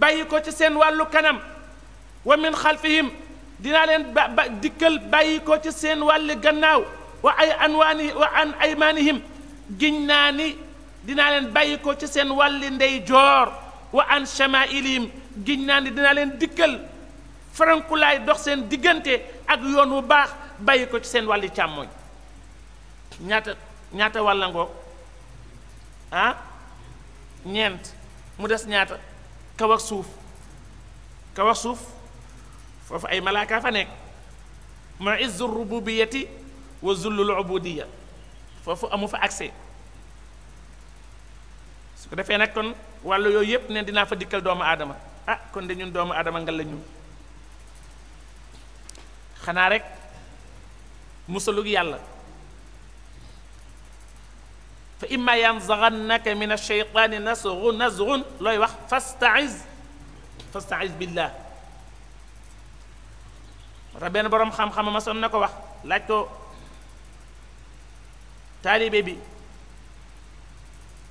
bàyyi ko ci seen wàllu kanam wa min xalfihim dinaa leen ba dikkal bàyyi ko ci seen wàlli gannaaw wa ay anwaani wa an aymaanihim giñ naa ni dinaa leen bàyyi ko ci seen wàlli ndey joor wa an chamailihim giñ naa ni dina leen dikkal farankulaay dox seen diggante ak yoon wu baax bàyyi ko ci seen wàlli càmmooñ ñaata ñaata wàlla ah ñeent mu des ñaata kaw suuf kaw suuf foofu ay malaakaa fa nekk ma izzu rububiyati wa zullul ubudiya foofu amu fa accès su ko defee nag kon wàllu yooyu yépp ne dinaa fa dikkal doomu aadama ah kon de ñun doomu aadama nga la ñun xanaa rek musalug yàlla fa imma yanzaghannaka min ash-shaytaani nasghun nasghun looy wax fasta'iz fasta'iz billah wata benn boroom xam-xam ma son na ko wax laaj ko taalibe bi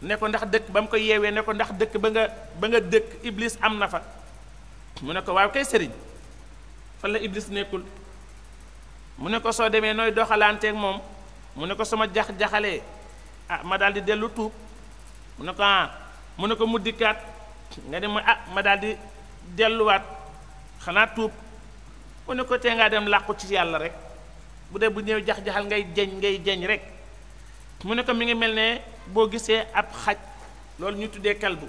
ne ko ndax dëkk ba mu ko yewee ne ko ndax dëkk ba nga dëkk iblis am na fa mu ne ko waaw kay sëriñ fan la iblis nekkul mu ne ko soo demee nooy doxalanteeg moom mu ne ko sama jax-jaxalee ah ma daal di dellu tuub mu ne ko ah mu ne ko mu dikkaat nga dem ma ah ma daal di delluwaat xanaa tuub mu ne ko tee ngaa dem làqu ci yàlla rek bu dee bu ñëw jax-jaxal ngay jañ ngay jañ rek mu ne ko mi ngi mel ne boo gisee ab xaj loolu ñu tuddee kalbu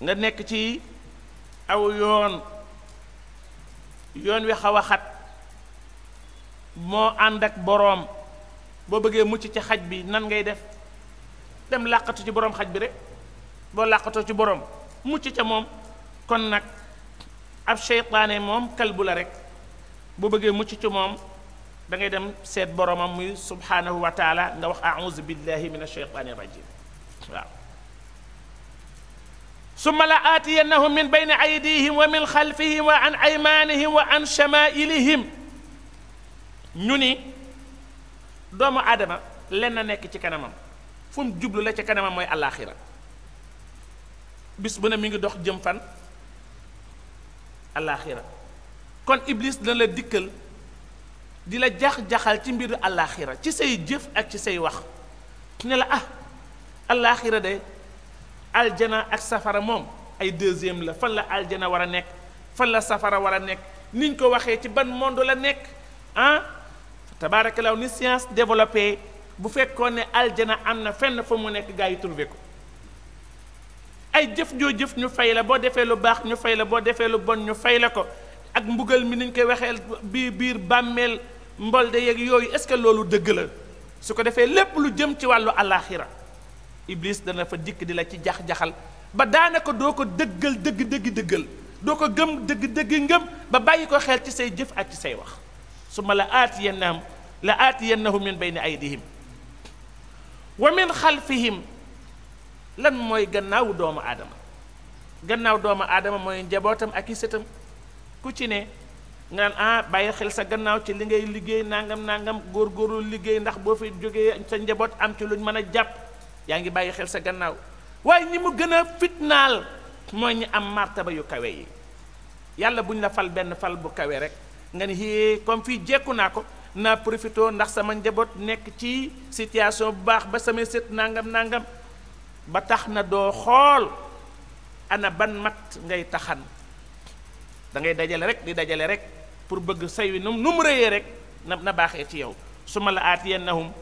nga nekk ci aw yoon yoon wi xaw a xat moo ànd ak boroom boo bëggee mucc ci xaj bi nan ngay def dem làqatu ci boroom xaj bi rek boo làqatoo ci boroom mucc ca moom kon nag ab seytaane moom kalbu la rek boo bëggee mucc ci moom dangay dem seet boroomam muy subhaanahu wa taala nga wax auzu billahi min asheytaani rajim waaw summa la aatiyannahum min bayni aydihim wa min xalfihim wa an aymaanihim wa an shamaa'ilihim ñu ni doomu aadama lenn nekk ci kanamam fu mu jublu la ci kanamam mooy àllaaxira bis bu ne mi ngi dox jëm fan àllaaxira kon iblis dina la dikkal di la jax-jaxal ci mbiru àllaaxira ci say jëf ak ci say wax ne la ah àllaaxira de aljana ak safara moom ay deuxième la fan la aljana war a nekk fan la safara war a nekk niñ ko waxee ci ban monde la nekk ah tabaarakalaw ni science développé bu fekkoon ne aljana am na fenn fa mu nekk gaa yi trouvé ko ay jëf joo jëf ñu fay la boo defee lu baax ñu fay la boo defee lu bon ñu fay la ko ak mbugal mi niñ koy waxee biir biir bàmmeel de yeeg yooyu est-ce que loolu dëgg la su ko defee lépp lu jëm ci wàllu alaaxira iblis dana fa dikk di la ci jax-jaxal ba daanaka doo ko dëggal dëgg dëgg dëggal doo ko gëm dëgg dëgg ngëm ba bàyyi ko xeel ci say jëf ak ci say wax su ma la aatiyannahum la aatiyannahum min bayni aydihim wa min xalfihim lan mooy gannaaw doomu aadama gannaaw doomu aadama mooy njabootam ak i sëtam ku ci ne nga naan ah bàyyi xel sa gannaaw ci li ngay liggéey nangam góor góorgóorlu liggéey ndax boo fi jógee sa njaboot am ci luñ mën a jàpp yaa ngi bàyyi xel sa gannaaw waaye ñi mu gën a fitnaal mooy ñi am martaba yu kawe yi yàlla buñ la fal benn fal bu kawe rek nga ni hée comme fii jekku naa ko naa profité ndax sama njaboot nekk ci situation bu baax ba samay sët nangam nangam ba tax na doo xool ana ban mat ngay taxan da ngay dajale rek di dajale rek pour bëgg say wi nu mu rëyee rek na na baaxee ci yow su ma la aat aatiyannahum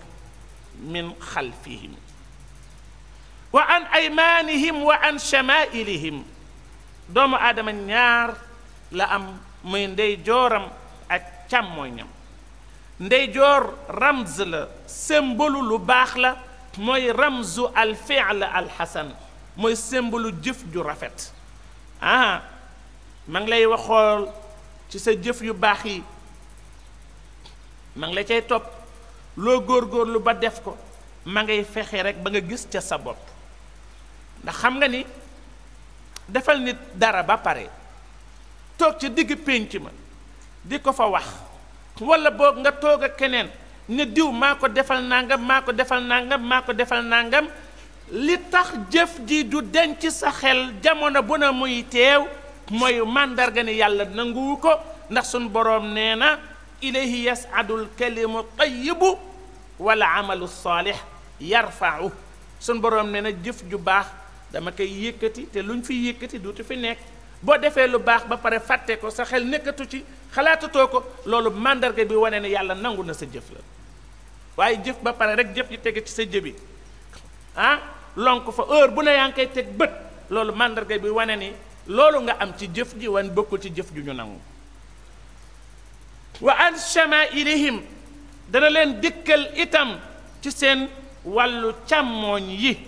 min xalfihim wa an aymaanihim wa an shamaa'ilihim doomu aadama ñaar la am muy ndeyjooram jooram ak càmmooñam ndey joor ramz la symbole lu baax la mooy ramzu al fi'l mooy symbole jëf ju rafet ah ma lay waxool ci sa jëf yu baax yi ma ngi la cay topp loo góor góorlu ba def ko ma ngay fexe rek ba nga gis ca sa bopp ndax xam nga ni defal nit dara ba pare toog ci digg pénc ma di ko fa wax wala boog nga toog ak keneen ne diw maa ko defal nangam maa ko defal nangam maa ko defal nangam li tax jëf ji du denc sa xel jamono bu na muy teew mooy màndarga ne yàlla nanguwu ko ndax suñ boroom nee na ilayhi adul kalimu tayibu wala amalu saalix yarfau suñ boroom nee na jëf ju baax dama koy yékkati te luñ fi yëkkati duutu fi nekk boo defee lu baax ba pare fàtte ko sa xel nekkatu ci xalaatatoo ko loolu màndarga bi wane ne yàlla nangu na sa jëf la waaye jëf ba pare rek jëf yi tege ci sa jëbi ah lonk fa heure bu ne yaa ngi koy teg bët loolu màndarga bi wane ni loolu nga am ci jëf ji wan bokkul ci jëf ju ñu nangu wa an shamaa'ilihim dana leen dikkal itam ci seen wàllu càmmooñ yi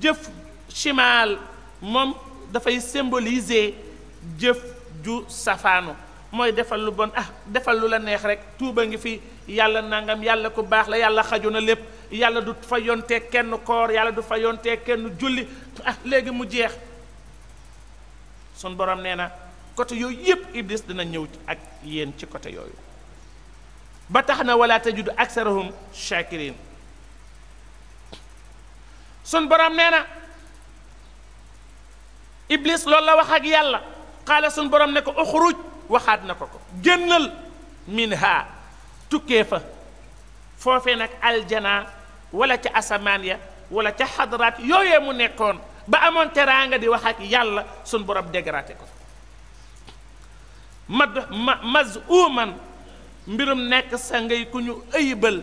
jëf chimal moom dafay symboliser jëf ju safaanu mooy defal lu bon ah defal lu la neex rek tuuba ngi fi yàlla nangam yàlla ko baax la yàlla xaju na lépp yàlla du fa yontee kenn koor yàlla du fa yontee kenn julli ah léegi mu jeex sun borom nee na côté yooyu yépp iblis dina ñëw ak yéen ci côté yooyu ba tax na wala tajudu aksarahum shakirin sun borom nee na iblis loolu la wax ak yàlla xaala suñ borom ne ko uxruj waxaat na ko ko génnal min ha tukkee fa foofee nag aljana walla ca asamaan ya wala ca xadraat yooyee mu nekkoon ba amoon teraanga di wax ak yàlla suñ borom dégraté ko mad ma mazuuman mbirum nekk sa ngay ku ñu ëyibal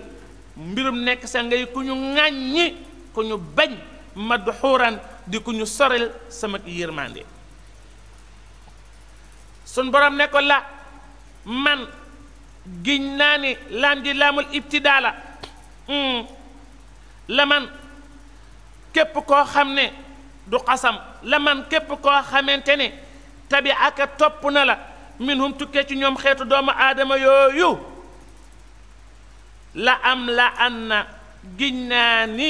mbirum nekk sa ngay ku ñu ŋàññi ku ñu bañ madxuuran di ku ñu sorel sama yërmande sun borom ne ko la man giñ naa ni laam ji laamul ibtidaa la hmm. la man képp koo xam ne du xasam la man képp koo xamante ne tabi topp na la minhum tukkee ci ñoom xeetu doomu aadama yooyu la am la an na giñ naa ni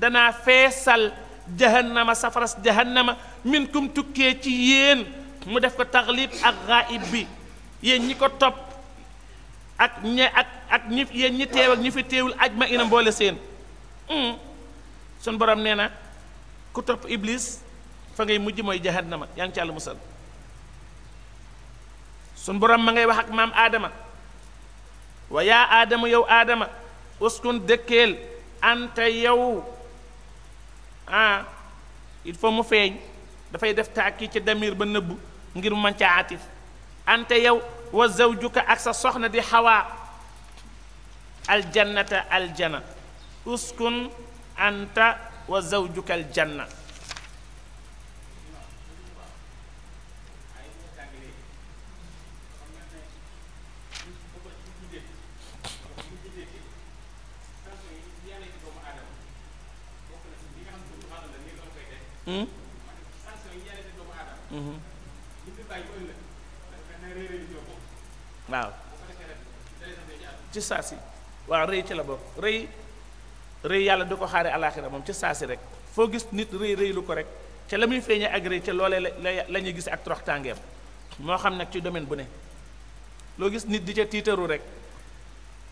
danaa feesal jahannama safaras jahannama minkum tukkee ci yéen mu def ko taxlib ak ghaib bi yéen ñi ko topp ak ñe ak ak ñi yéen ñi teew ak ñi fi teewul aj ma ina mboole seen hmm. suñ borom nee na ku topp iblis fa ngay mujj mooy jahannama yaa ngi ci àll musal suñ ma ngay wax ak maam aadama wa yaa aadama yow aadama uskun dëkkeel anta yow ah il faut mu feeñ dafay def taakid ci damir ba nëbb ngir mu ca atif ante yow wa zawjuka ak sa soxna di xawaa aljannata aljana uskun anta wa zawjuka aljanna Hmm? Hmm. waaw ci saa si waaw rëy ci la bopp rëy rëy yàlla du ko xaare alaaxira moom ci saa si rek foo gis nit rëy rëy ko rek ca la muy feeñee ak rëy ca loolee la ñuy gis ak trox tàngeem moo xam nag ci domaine bu ne loo gis nit di ca tiitaru rek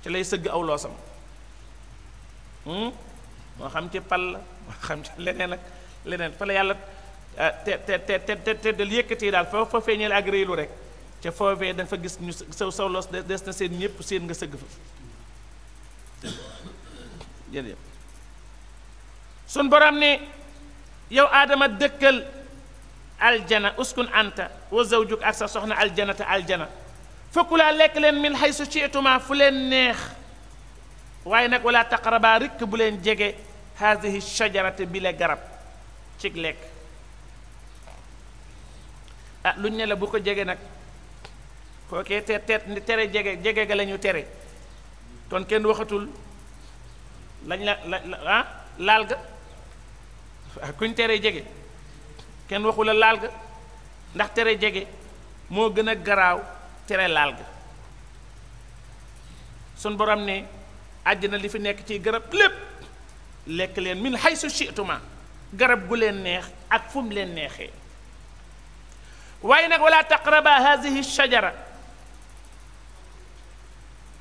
ci lay sëgg aw loosam hmm? moo xam ci pal moo xam ci leneen ak leneen fa la yàlla ah, te te te te te teddal yëkkatee daal fa feeñal ak réylu rek ca foofee da fa gis ñu saw saw des na seen ñëpp seen nga sëgg fa jërëjëf sun borom yow aadama dëkkal aljana uskun anta wa zawjuk ak sa soxna aljana te aljana fakkulaa lekk leen min xay su ciituma fu leen neex waaye nag wala taqarabaa rikk bu leen jege haadihi shajarate bi le garab cig lekk ah luñ ne la bu ko jege nag kookee te te tere jege jege ga la tere kon kenn waxatul lañ la la ah laal ga ah, kuñ tere jege kenn waxula laal ga ndax tere jege moo gën a garaaw tere laal ga sun borom ne àjjana li fi nekk ci garab lépp lekk leen min haysu shi'tuma garab gu leen neex ak fu leen neexee waaye nag wala taqraba hadihi shajara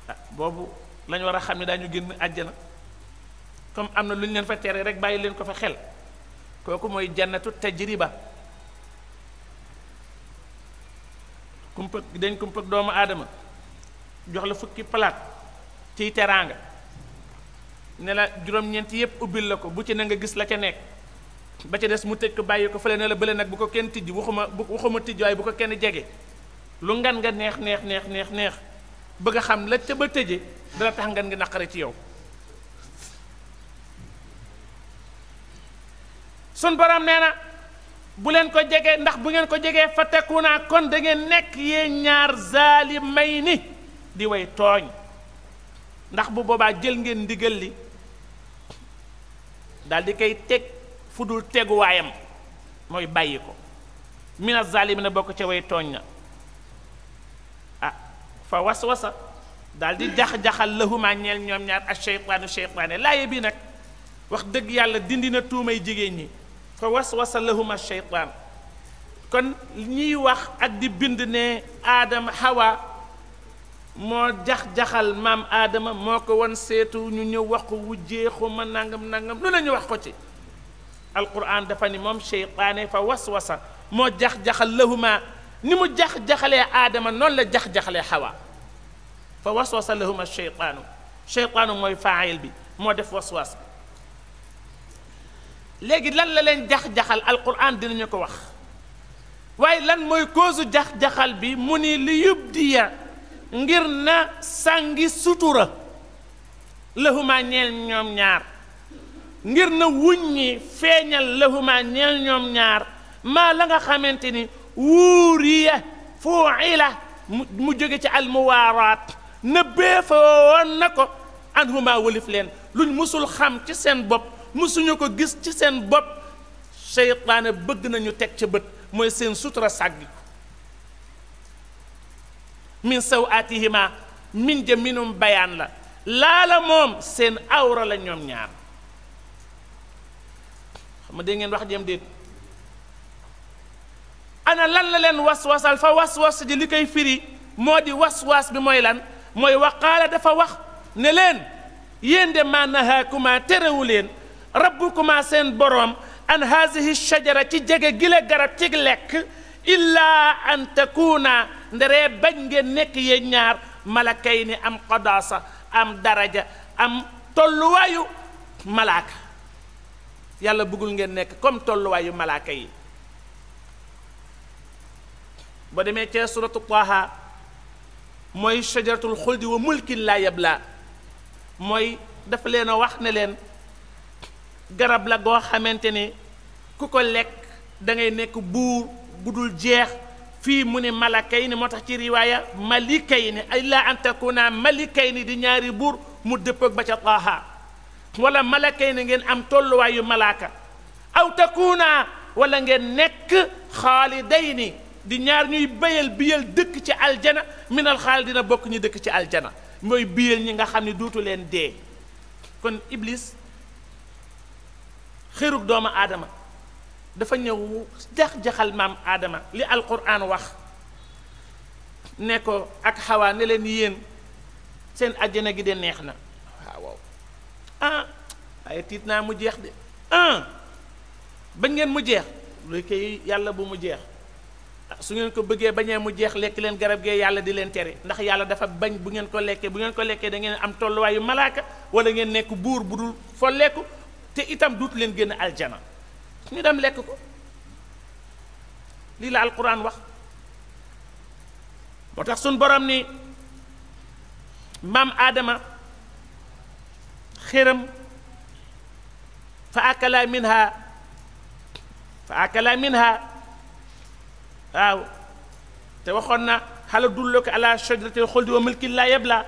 ah boobu lañ war a xam ne daañu génn àjjana comme am na lu ñu leen fa tere rek bàyyi leen ko fa xel kooku mooy jannatu tajriba kumpa dañ kumpa doomu aadama jox la fukki palaat ciy teraanga ne la juróom-ñeent yépp ubbil la ko bu ci na nga gis la ca nekk ba ca des mu tëj ko bàyyi ko fële ne la bële nag bu ko kenn tijj waxuma bu waxuma tijj waaye bu ko kenn jege lu ngan nga neex neex neex neex neex bëgg a xam la ca ba tëje dana tax ngan nga naqare ci yow sun borom nee na bu leen ko jege ndax bu ngeen ko jege fa tekku naa kon dangeen nekk yéen ñaar zaali may ni di way tooñ ndax bu boobaa jël ngeen ndigal li daal koy teg fu dul teguwaayam mooy bàyyi ko mina zalimina bokk ca way tooñ na ah fa waswasa daal di jax-jaxal lahuma ñeel ñoom ñaar ak cheytaanu laay laaye bi nag wax dëgg yàlla dindi na tuumay jigéen ñi fa waswasa lahuma cheytaan kon ñiy wax ak di bind ne aadama hawa moo jax-jaxal maam aadama moo ko won seetu ñu ñëw wax ko wujjee xuma nangam nangam lu ne ñu wax ko ci alquran dafa ni moom seytaane fa waswasa moo jax-jaxal lahuma ni mu jax-jaxalee aadama noonu la jax-jaxalee xawa fa waswasa lahuma seytaanu seytaanu mooy faayil bi moo def waswas léegi lan la leen jax-jaxal alquran dinañu ko wax waaye lan mooy cause jax-jaxal bi mu ni li yubdiya ngir na sàngi sutura lahuma ñeel ñoom ñaar ngir na wuññi feeñal lahuma ñeel ñoom ñaar maa la nga xamante ni wuuriya la mu jóge ci almuwaaraat na béefa woon na ko anhuma wëlif leen luñ mësul xam ci seen bopp musuñu ko gis ci seen bopp seytaane bëgg nañu teg ca bët mooy seen sutura sàgg min sawaatihima min ja minum bayaan la laala moom seen awra la ñoom ñaar ma dégg ngeen wax jëm déet ana lan la leen waswasal fa waswas ji li koy firi moo di waswas bi mooy lan mooy waqaala dafa wax ne leen yéen de maa nahaakuma terewu leen rabbukuma seen boroom an haasihi shajara ci jege gila garab ci lekk illaa an takuuna nderee bañ ngeen nekk yéen ñaar malakay ni am qadaasa am daraja am tolluwaayu malaaka yàlla bëggul ngeen nekk comme tolluwaayu malaaka yi ba demee ca suratu Taaha mooy shajaratul xuldi wa mulkin laa yabla mooy dafa leen a wax ne leen garab la goo xamante ni ku ko lekk dangay nekk buur bu dul jeex fii mu ne malaka yi ni moo tax ci riwaaya malika yi ni illaa an takuna malika yi ni di ñaari buur mu dëppoog ba ca Taaha wala malaka yi ngeen am tolluwaayu malaaka aw takuuna wala ngeen nekk xaalidayni di ñaar ñuy béyal biyal dëkk ci aljana minal xaalidina bokk ñu dëkk ci aljana mooy biyal ñi nga xam ne duutu leen dee kon iblis xërug doomu aadama dafa ñëw jax-jaxal maam aadama li alquran wax ne ko ak xawaa ne leen yéen seen àjjana gi de neex na waaye ah, tiit naa mu jeex de ah, bañ ngeen mu jeex lu koy yàlla bu mu jeex ah, su ngeen ko bëggee bañee mu jeex lekk leen garab gee yàlla di leen tere ndax yàlla dafa bañ bu ngeen ko lekkee bu ngeen ko lekkee da ngeen am tolluwaayu malaaka wala ngeen nekk buur bu dul folleeku te itam duutu leen génn aljana ñu dem lekk ko lii la alquran wax moo tax suñ borom ni maam aadama xéram fa akala minha fa akala minha waaw te waxoon na xala dulluka ala shajaratil xuldi wa mulkin laa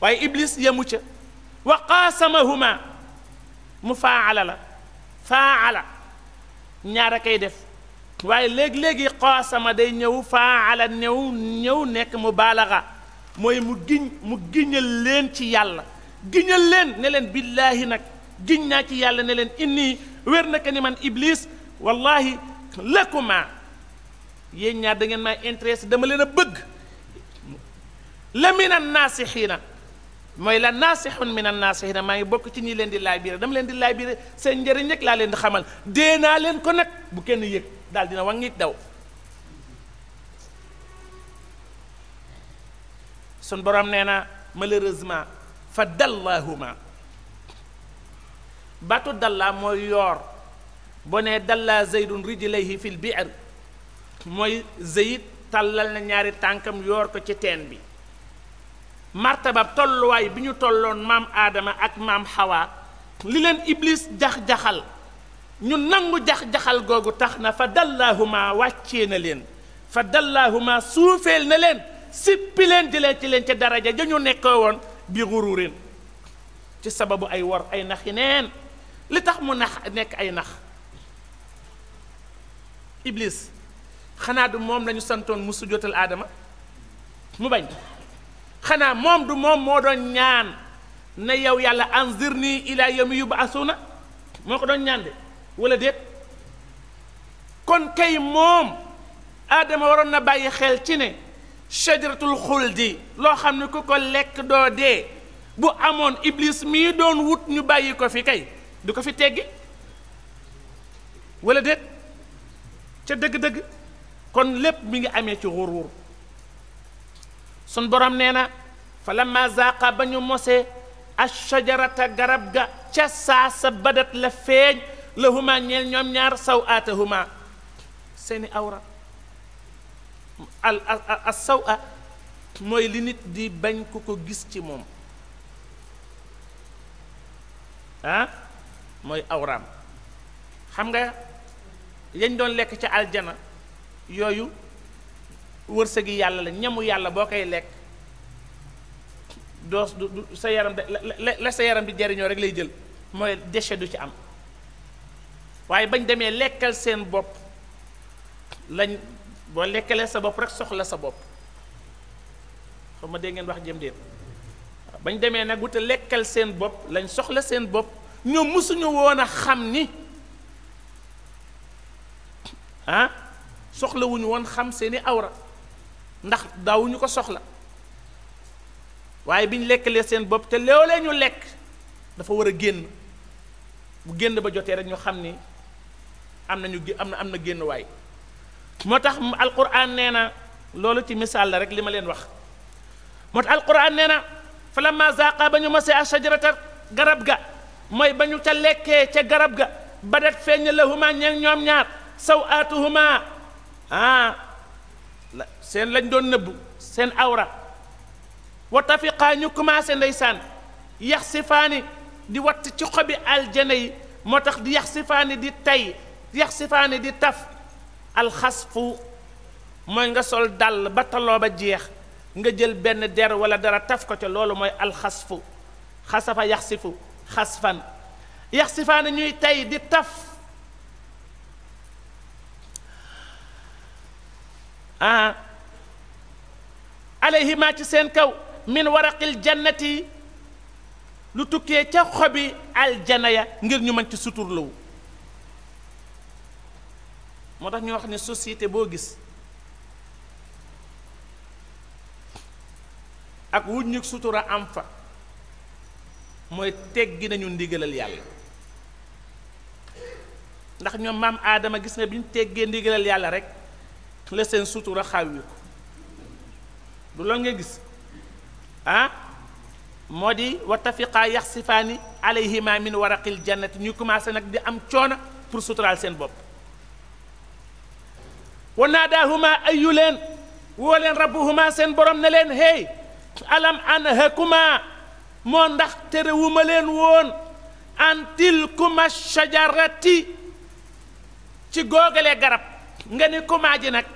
waaye iblis yemu ca wa qaasamahuma mu faala la faala ñaar a koy def waaye léegi-léegi qaasama day ñëw faala ñëw ñëw nekk mu baalaxa mooy mu giñ mu giñal leen ci yàlla giñal leen ne leen billaahi nag giñ naa ci yàlla ne leen inni wér na ka ni man iblis wallahi lakuma yéen ñaar dangeen ngeen may intéressé dama leen a bëgg la min an naasixiina mooy la naasixun min an naasixiina maa ngi bokk ci ñi leen di laaj biir dama leen di laaj biir seen njëriñ rek laa leen di xamal dee naa leen ko nag bu kenn yëg daal dina wàññi daw sun borom nee na malheureusement fa dallaahuma baatu dalla mooy yoor boo nee dalla zeydun rijlayhi fil bi'r mooy zeyd tàllal na ñaari tànkam yoor ko ci teen bi martabab tolluwaay bi ñu tolloon maam aadama ak maam xawaa li leen iblis jax-jaxal ñu nangu jax-jaxal googu tax na fa dallaahuma wàccee na leen fa dallaahuma suufeel na leen sippi leen jëlee ci leen ca daraja ja ñu woon bi xururin ci sababu ay war ay nax yi neen li tax mu nax nekk ay nax iblis xanaa du moom lañu santoon mu sujjóotal aadama mu bañ xanaa moom du moom moo doon ñaan na yow yàlla anzirni ila yawmi yub'asuna moo ko doon ñaan de wala déet kon kay moom aadama waroon na bàyyi xel ci ne shajaratul xuldi loo xam ne ku ko lekk doo dee bu amoon iblis mii doon wut ñu bàyyi ko fi kay du ko fi teggi wala déet ca dëgg-dëgg kon lépp mu ngi amee ci wóor-wóor sun borom nee na fa lamma zaaqa ba ñu mosee ashajarata garab ga ca saa sa badat la feeñ lahuma ñeel ñoom ñaar saw aatahuma seeni awra al a saw a mooy li nit di bañ ku ko gis ci moom ah mooy awraam xam nga yañ doon lekk ca aljana yooyu wërsëgi yàlla la ñamu yàlla boo koy lekk doos du sa yaram de la sa yaram di jariñoo rek lay jël mooy déchet du ci am waaye bañ demee lekkal seen bopp lañ boo lekkalee sa bopp rek soxla sa bopp xam ma dégg ngeen wax jëm bañ demee nag wuta lekkal seen bopp lañ soxla seen bopp ñoom mësuñu woon a xam ni ah soxlawuñu woon xam seeni awra ndax daawuñu ko soxla waaye biñ lekkalee seen bopp te léeg ñu lekk dafa war a génn bu génn ba jotee rek ñu xam ni am nañu am na am na génn waay moo tax alquran nee na loolu ci misaal la rek li ma leen wax moo tax alquran nee na fa lamma zaaqa ba ñu masee a shajarata garab ga mooy ba ñu ca lekkee ca garab ga badat feeñ lahuma ñeel ñoom ñaar saw aatuhuma ah seen lañ doon nëbbu seen awra wa tafiqaa ñu commencé ndeysaan yax sifaani di watt ci xobi aljane yi moo tax di yax sifaani di tay yax sifaani di taf alxasfu mooy nga sol dàll ba taloo ba jeex nga jël benn der wala dara taf ko ca loolu mooy alxasfu xasafa yaxsifu xasfan yaxsifaani ñuy tey di taf ah alayhima ci seen kaw min waraqil janati lu tukkee ca xobi aljana ya ngir ñu mën ci suturlawu moo tax ñu wax ne société boo gis ak wuññu sutura am fa mooy teggi nañu ndigalal yàlla ndax ñoom maam aadama gis nga bi ñu teggee ndigalal yàlla rek la seen sutura xawwi ko du loolu nga gis ah moo di wattafiqaa yaxsifaani alayhima min waraqil jannati ñu commencé nag di am coono pour suturaal seen bopp wa naadaahuma ayu leen woo leen rabbuhuma seen borom ne leen hey alam anhakuma moo ndax terewuma leen woon an tilkuma shajarati ci googalee garab nga ni kumaa ji nag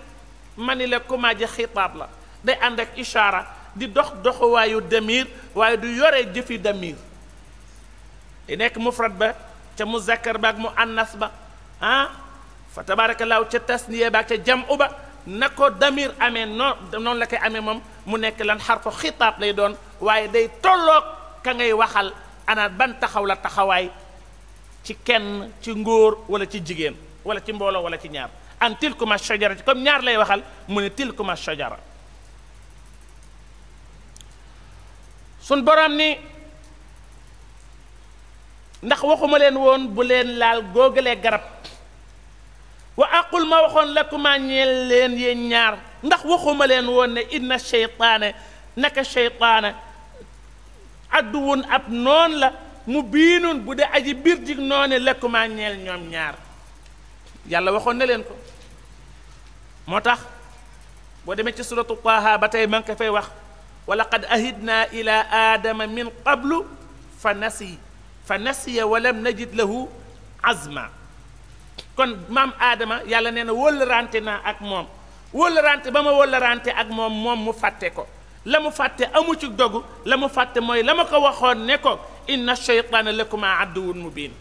ma ni la kumaa ji xitaab la day ànd ak ishaara di dox doxuwaayu damir waaye du yore jëfi damir di nekk mufrad ba ca muzakkar ba ak mu annas ba ah, fa tabaarakallaahu ca tasniya ba ca jam u ba na ko damir amee noonu noonu la koy amee moom mu nekk lan xarfu xitaab lay doon waaye day tolloog ka ngay waxal anaat ban taxaw la taxawaay ci kenn ci ngóor wala ci jigéen wala ci mbooloo walla ci ñaar an tilkuma shajara comme ñaar lay waxal mu ne tilkuma shajara sun borom ni ndax waxuma leen woon bu leen laal googalee garab wa aqul ma waxoon lakuma ñeel leen yéen ñaar ndax waxuma leen woon ne inna seytaane naka seytaane adduwun ab noon la mu biinun bu dee aji biir jig noone lakuma ñeel ñoom ñaar yàlla waxoon na leen ko moo tax boo demee ci suratu taaha ba tey ma ngi ko fay wax wa laqad ahidna ila aadama min qablu fa nasi fa nasiya walam najid lahu azma kon maam aadama yàlla nee na wóllërante na ak moom wóllërante ba ma wóllërante ak moom moom mu fàtte ko la mu fàtte amu ci dogu la mu fàtte mooy la ma ko waxoon ne ko inna sheytaana lakuma mu mubiin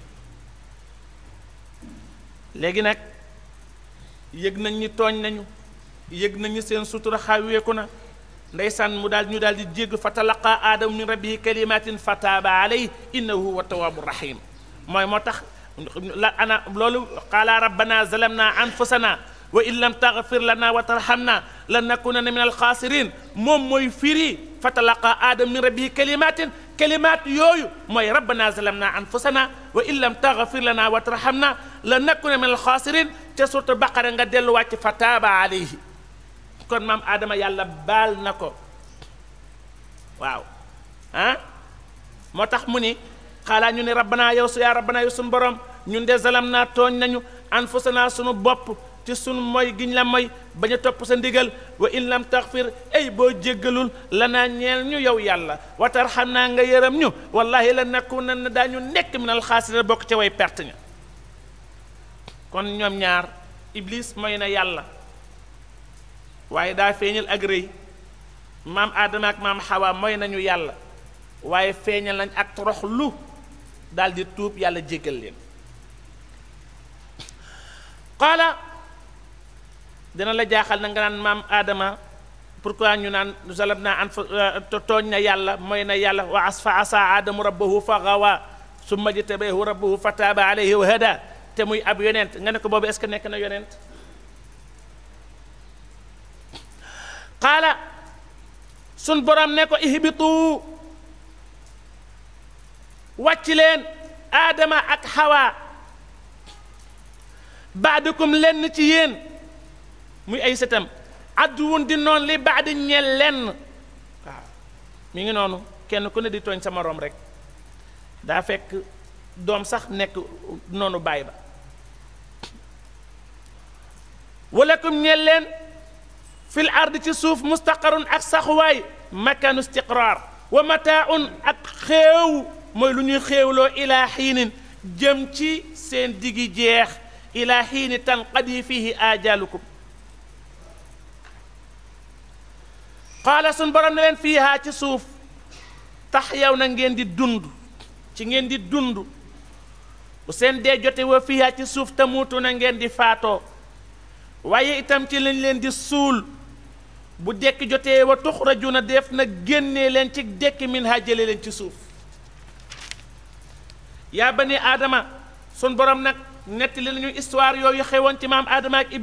léegi nag yëg nañ ni tooñ nañu yëg nañu seen sutura xawweeku na ndeysaan mu daal ñu daal di jégg fa talaqaa aadama min rabbihi kalimatin fataaba aley innahu wa tawaabu rahim mooy moo tax la ana loolu qaala rabbana zalamna anfusana wa in lam taghfir lana wa tarhamna lanakunanna min alxaasirin moom mooy firi fatalaqa adam min rabbihi kalimatin kalimat yooyu mooy rabbana zalamna anfusana wa in lam taghfir lana wa tarhamna lanakunanna min alxaasirin ca surtu baqara nga delluwaat ci fataaba alayhi kon maam aadama yàlla baal na ko waaw ah moo tax mu ni xaalaa ñu ne rabbanaa yow su yaa rabbanaa yow suñu borom ñun de zalam naa tooñ nañu anfusanaa suñu bopp ci sunu mooy giñ la mooy bañ a topp sa ndigal wa in lam taxfir ay boo jéggalul lanaa ñeel ñu yow yàlla wa naa nga yëram ñu wallahi la nekku na daañu nekk minal xaasirina bokk ca perte kon ñoom iblis mooy na yàlla waaye daa feeñal ak rëy maam aadama ak maam xawa mooy nañu yàlla waaye feeñal nañ ak toroxlu daal di tuub yàlla jéggal leen qaala dina la jaaxal na nga naan maam aadama pourquoi ñu naan zalab naa an euh, tooñ na yàlla mooy na yàlla wa as fa asa aadamu rabbahu fa gawa summa jitabahu rabbahu fa taaba alayhi wa hada te muy ab yonent nga ne ko boobu est-ce que nekk na yonent qaala sun borom ne ko ihbitu wàcc leen aadama ak xawaa baadukum lenn ci yéen muy ay sëtam adduwun di noonu li baadi ñeel lenn waaw mi ngi noonu kenn ku ne di tooñ sa moroom rek daa fekk doom sax nekk noonu baay ba walakum ñeel leen fil ard ci suuf mustaqarun ak saxuwaay makanu istiqraar wa mataaun ak xéew mooy lu ñuy xéewloo ilaa xiinin jëm ci seen digi jeex ilaa xiini yi fihi ajalukum qaala suñ borom ne leen fiihaa ci suuf tax yow na ngeen di dund ci ngeen di dund bu seen dee jote wa fiihaa ci suuf te muutu na ngeen di faatoo waaye itam ci lañ leen di suul bu dekki jotee wa na def na génne leen ci dekki min haa jële leen ci suuf yaa ba bani aadama sun borom nag nettali nañu histoire yooyu xewoon ci maam aadama ak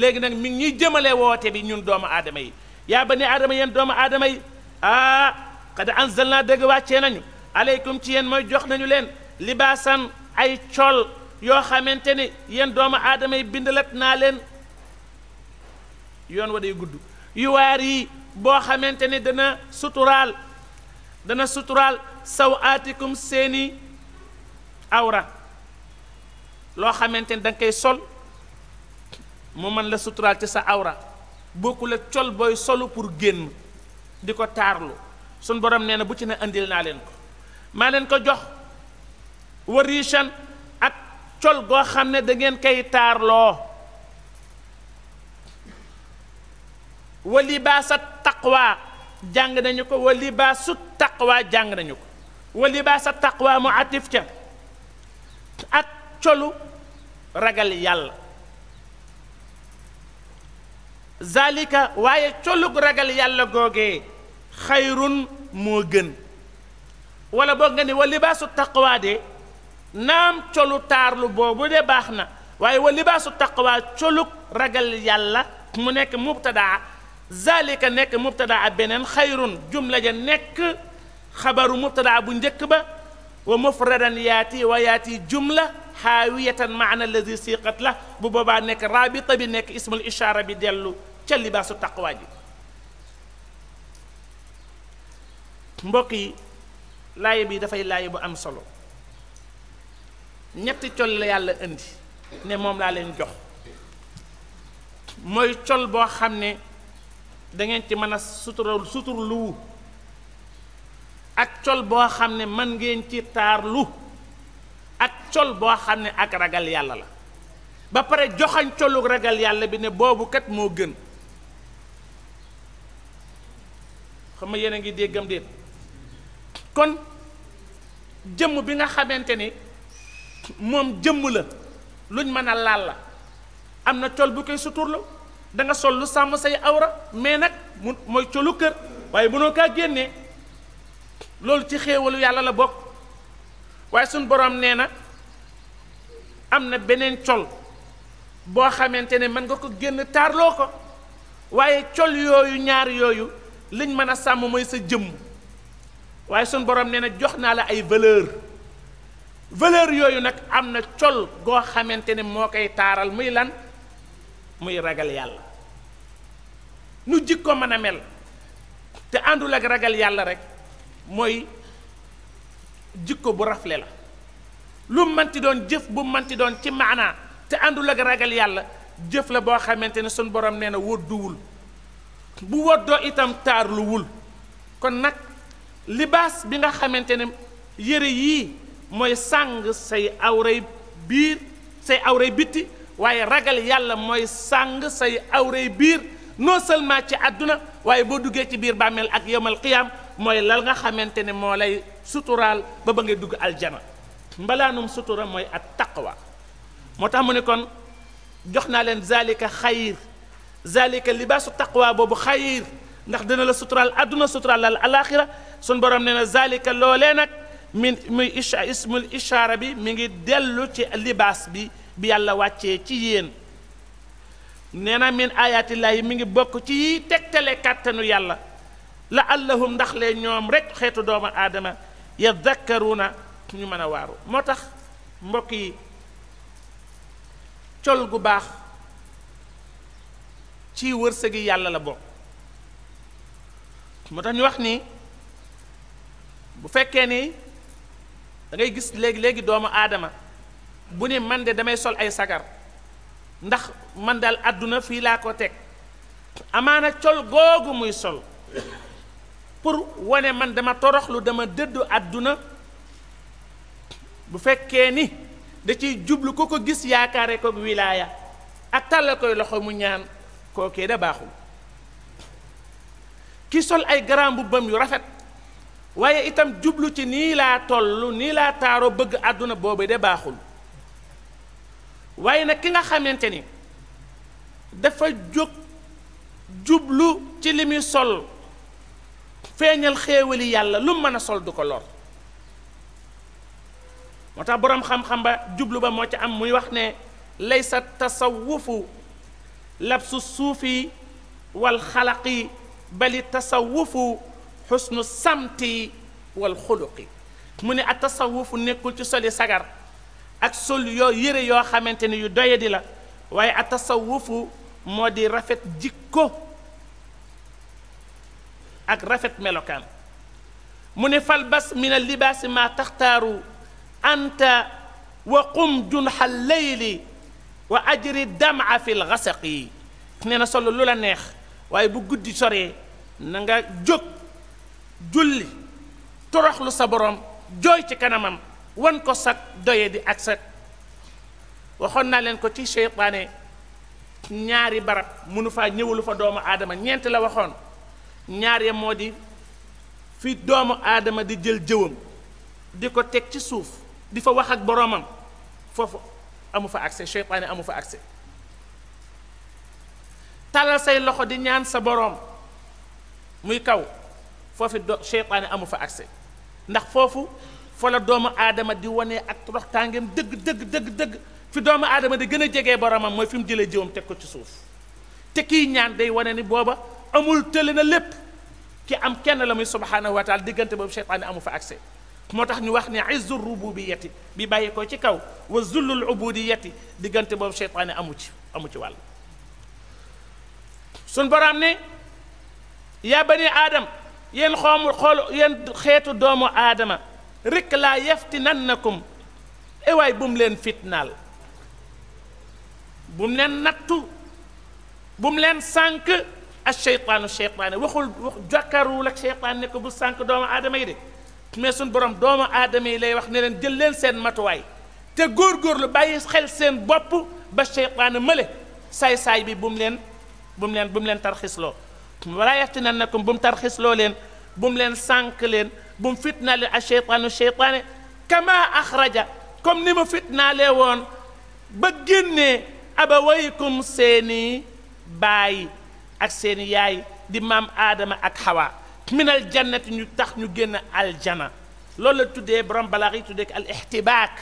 léegi nag mi ñuy jëmale woote bi ñun doomu aadama yi yaa bani aadama yéen doomu aadama yi aa ah, qad anzalna dëgg wàccee nañu aleykum ci yéen mooy jox nañu leen libaasan ay col yoo xamante ni yéen doomu aadama yi bind bindalat naa leen yoon wa day gudd yuwaar yi boo xamante ni dana suturaal dana suturaal saw aatikum seeni awra loo xamante ni da koy sol mu mën la suturaal ci sa awra bokkul ak col booy solu pour génn di ko taarlu suñ borom nee na bu ci ne indil naa leen ko maa leen ko jox warishan ak col goo xam ne da ngeen koy taarloo wa libaasa taqwa jàng nañu ko wa libaasu taqwa jàng nañu ko wa libaasa taqwa mu atif ca ak colu ragal yàlla zalika waaye colug ragal yàlla googee xayrun moo gën wala boog nga ni wa libaasu taqwa de naam colu taarlu boobu de baax na waaye wa libaasu taqwa colug ragal yàlla mu nekk mubtadaa zalika nekk mubtadaa beneen xayrun jumla ja nekk xabaru mubtadaa bu njëkk ba wa mufradan yaati wa yaati jumla xaawiyatan maana alladi siqat la bu boobaa nekk rabita bi nekk ismul ishaara bi dellu ca libaasu taqwa ji mbokk yi laay bi dafay laay bu am solo ñetti col la yàlla indi ne moom laa leen jox mooy col boo xam ne dangeen ci mën a sutural suturluwu ak col boo xam ne mën ngeen ci lu ak col boo xam ne ak ragal yàlla la ba pare joxañ colu ragal yàlla bi ne boobu moo gën xam ma yéen a ngi déggam déet kon jëmm bi nga xamante ni moom jëmm la luñ mën a laal la am na col bu koy suturlu danga sol lu sàmm say awra mais nag mu mooy colu kër waaye mënoo kaa génnee loolu ci xéewalu yàlla la bokk waaye suñ boroom nee na am na beneen col boo xamante ne mën nga ko génn taarloo ko waaye col yooyu ñaar yooyu liñ mën a sàmm mooy sa jëmm waaye suñ boroom nee na jox naa la ay valeur valeur yooyu nag am na col goo xamante ne moo koy taaral muy lan muy ragal yàlla nu ko mën a mel te àndul ak ragal yàlla rek mooy jikko bu rafle la lu manti doon jëf bu manti doon ci maanaa te àndul ak ragal yàlla jëf la boo xamante ne suñ borom nee na wodduwul bu woddoo itam taarluwul kon nag libaas bi nga xamante ne yére yii mooy sàng say awray biir say awray bitti waaye ragal yàlla mooy sàng say awray biir non seulement ci àdduna waaye boo duggee ci biir bàmmeel ak yowmal qiyaam mooy lal nga xamante ne moo lay suturaal ba ba ngay dugg aljana mbalaanum sutura mooy at taqwa moo tax mu ne kon jox naa leen zalika xayir zalika libaasu taqwa boobu xayir ndax dina la suturaal àdduna suturaal lal alaxira sun borom nee na zalika loolee nag min muy isha ismul ishaara bi mi ngi dellu ci libaas bi bi yàlla wàccee ci yéen nee na min ayatillaahi mi ngi bokk ci tegtale kàttanu yàlla la allahum ndax lee ñoom rekk xeetu doomu aadama na ñu mën a waaru moo tax mbokk yi col gu baax ci wërsëgi yàlla la bokk moo tax ñu wax nii bu fekkee ni dangay gis léegi léegi doomu aadama bu ne man de damay sol ay sagar ndax man daal àdduna fii laa ko teg amaana col googu muy sol pour wane man dama toroxlu dama dëdd àdduna bu fekkee ni da ciy jublu ku ko gis yaakaare ko wilaaya ak tàll koy loxo mu ñaan kookee da baaxul ki sol ay grand mbubbam yu rafet waaye itam jublu ci nii laa toll nii laa taaro bëgg àdduna boobu de baaxul waaye nag ki nga xamante ni dafa jóg jublu ci li muy sol feeñal xéewali yàlla lu mën a sol du ko lor moo tax boroom xam-xam ba jublu ba moo ci am muy wax ne laysa tasawufu labsu suufi wal xalaqi bali tasawufu xusnu samti wal xuluqi mu ne ak tasawufu nekkul ci soli sagar ak sol yoo yëre yoo xamante ni yu doyadi la waaye ak tasawufu moo di rafet jikko ak rafet melokaan mu ne fal bas min al libaasi maa taxtaaru anta wa qum junxal layli wa ajri dama fi l xasaq yi nee na solo lu la neex waaye bu guddi soree na nga jóg julli toroxlu sa borom jooy ci kanamam wan ko sag doye di ak sag waxoon na leen ko ci seytaane ñaari barab mënu faa ñëwalu fa doomu aadama ñeent la waxoon ñaar ya moo di fi doomu aadama di jël jëwam di ko teg ci suuf di fa wax ak boroomam foofu amu fa accès seytaane amu fa accès tàllal say loxo di ñaan sa boroom muy kaw foofu do seytaane amu fa accès ndax foofu foo la doomu aadama di wane ak toroxtaangeem dëgg dëgg dëgg dëgg fi doomu aadama di gën a jege boroomam mooy fi mu jëlee jëwam teg ko ci suuf te kiy ñaan day wane ni booba amul tële na lépp ki am kenn la muy subhaanahu wa taala diggante boobu seytaane amu fa accès moo tax ñu wax ne izzu rububiyati bi bàyyi ko ci kaw wa zullul ubudiyati diggante boobu seytaane amu ci amu ci wàll suñ borom ne yaa bani aadam yéen xoomu xool yéen xeetu doomu aadama rek laa yaftinannakum ewaay bu mu leen fitnaal bu mu leen nattu bu leen sànk ak seytaanu seytaane waxul wax jàkkaarwul ak seytaan ne ko bu sànq doomu aadama yi de mais suñ borom doomu aadama yi lay wax ne leen jël leen seen matuwaay te la bàyyi xel seen bopp ba seytaane mële saay-saay bi bu mu leen bu mu leen bu mu leen tarxisloo walaa yaftinannakum bu mu tarxisloo leen bu leen sànq leen bu mu fitnaa leen ak seytaanu seytaane kama axraja comme ni mu lee woon ba génnee abawaykum seeni bàyyi ak seeni yaay di maam aadama ak xawa minal jannati ñu tax ñu génn aljana loolu la tuddee borom balaax yi tuddee ko al ixtibaak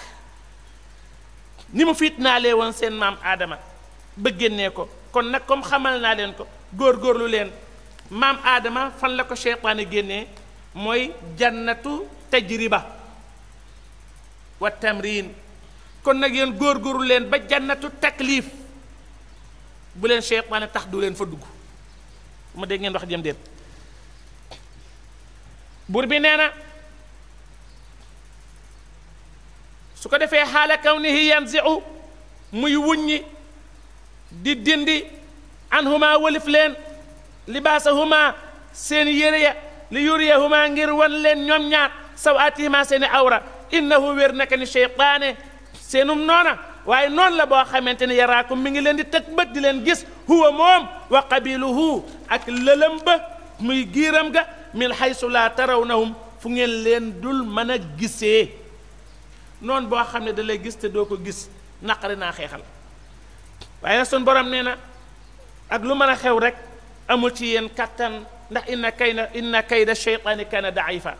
ni mu fitnaalee woon seen maam aadama ba génnee ko kon nag comme xamal naa leen ko góor góorlu leen maam aadama fan la ko seytaane génnee mooy jannatu tajriba wa tamrin kon nag yéen góorgóorlu leen ba jannatu taklif bu leen seytaane tax du leen fa dugg mu dégg ngeen wax jëm déet buur bi nee su ko defee xaala kawnihi yanziu muy wuññi di dindi anhuma wëlif leen libaasahuma seen yére ya li yuriyahuma ngir wan leen ñoom ñaar saw aatihima seeni awra innahu wér naka ni cheytaane seenum noona waaye noonu la boo xamante ne yaraakum mi ngi leen di teg bët di leen gis huwa moom wa qabiluhu ak lëlëm ba muy giiram ga min haysu na tarawnahum fu ngeen leen dul mën a gisee noon boo xam ne da gis te doo ko gis naqari naa xeexal waaye nag sun borom nee na ak lu mën a xew rek amul ci yéen kattan ndax inna kayda inna kayda sheytaani fa daifa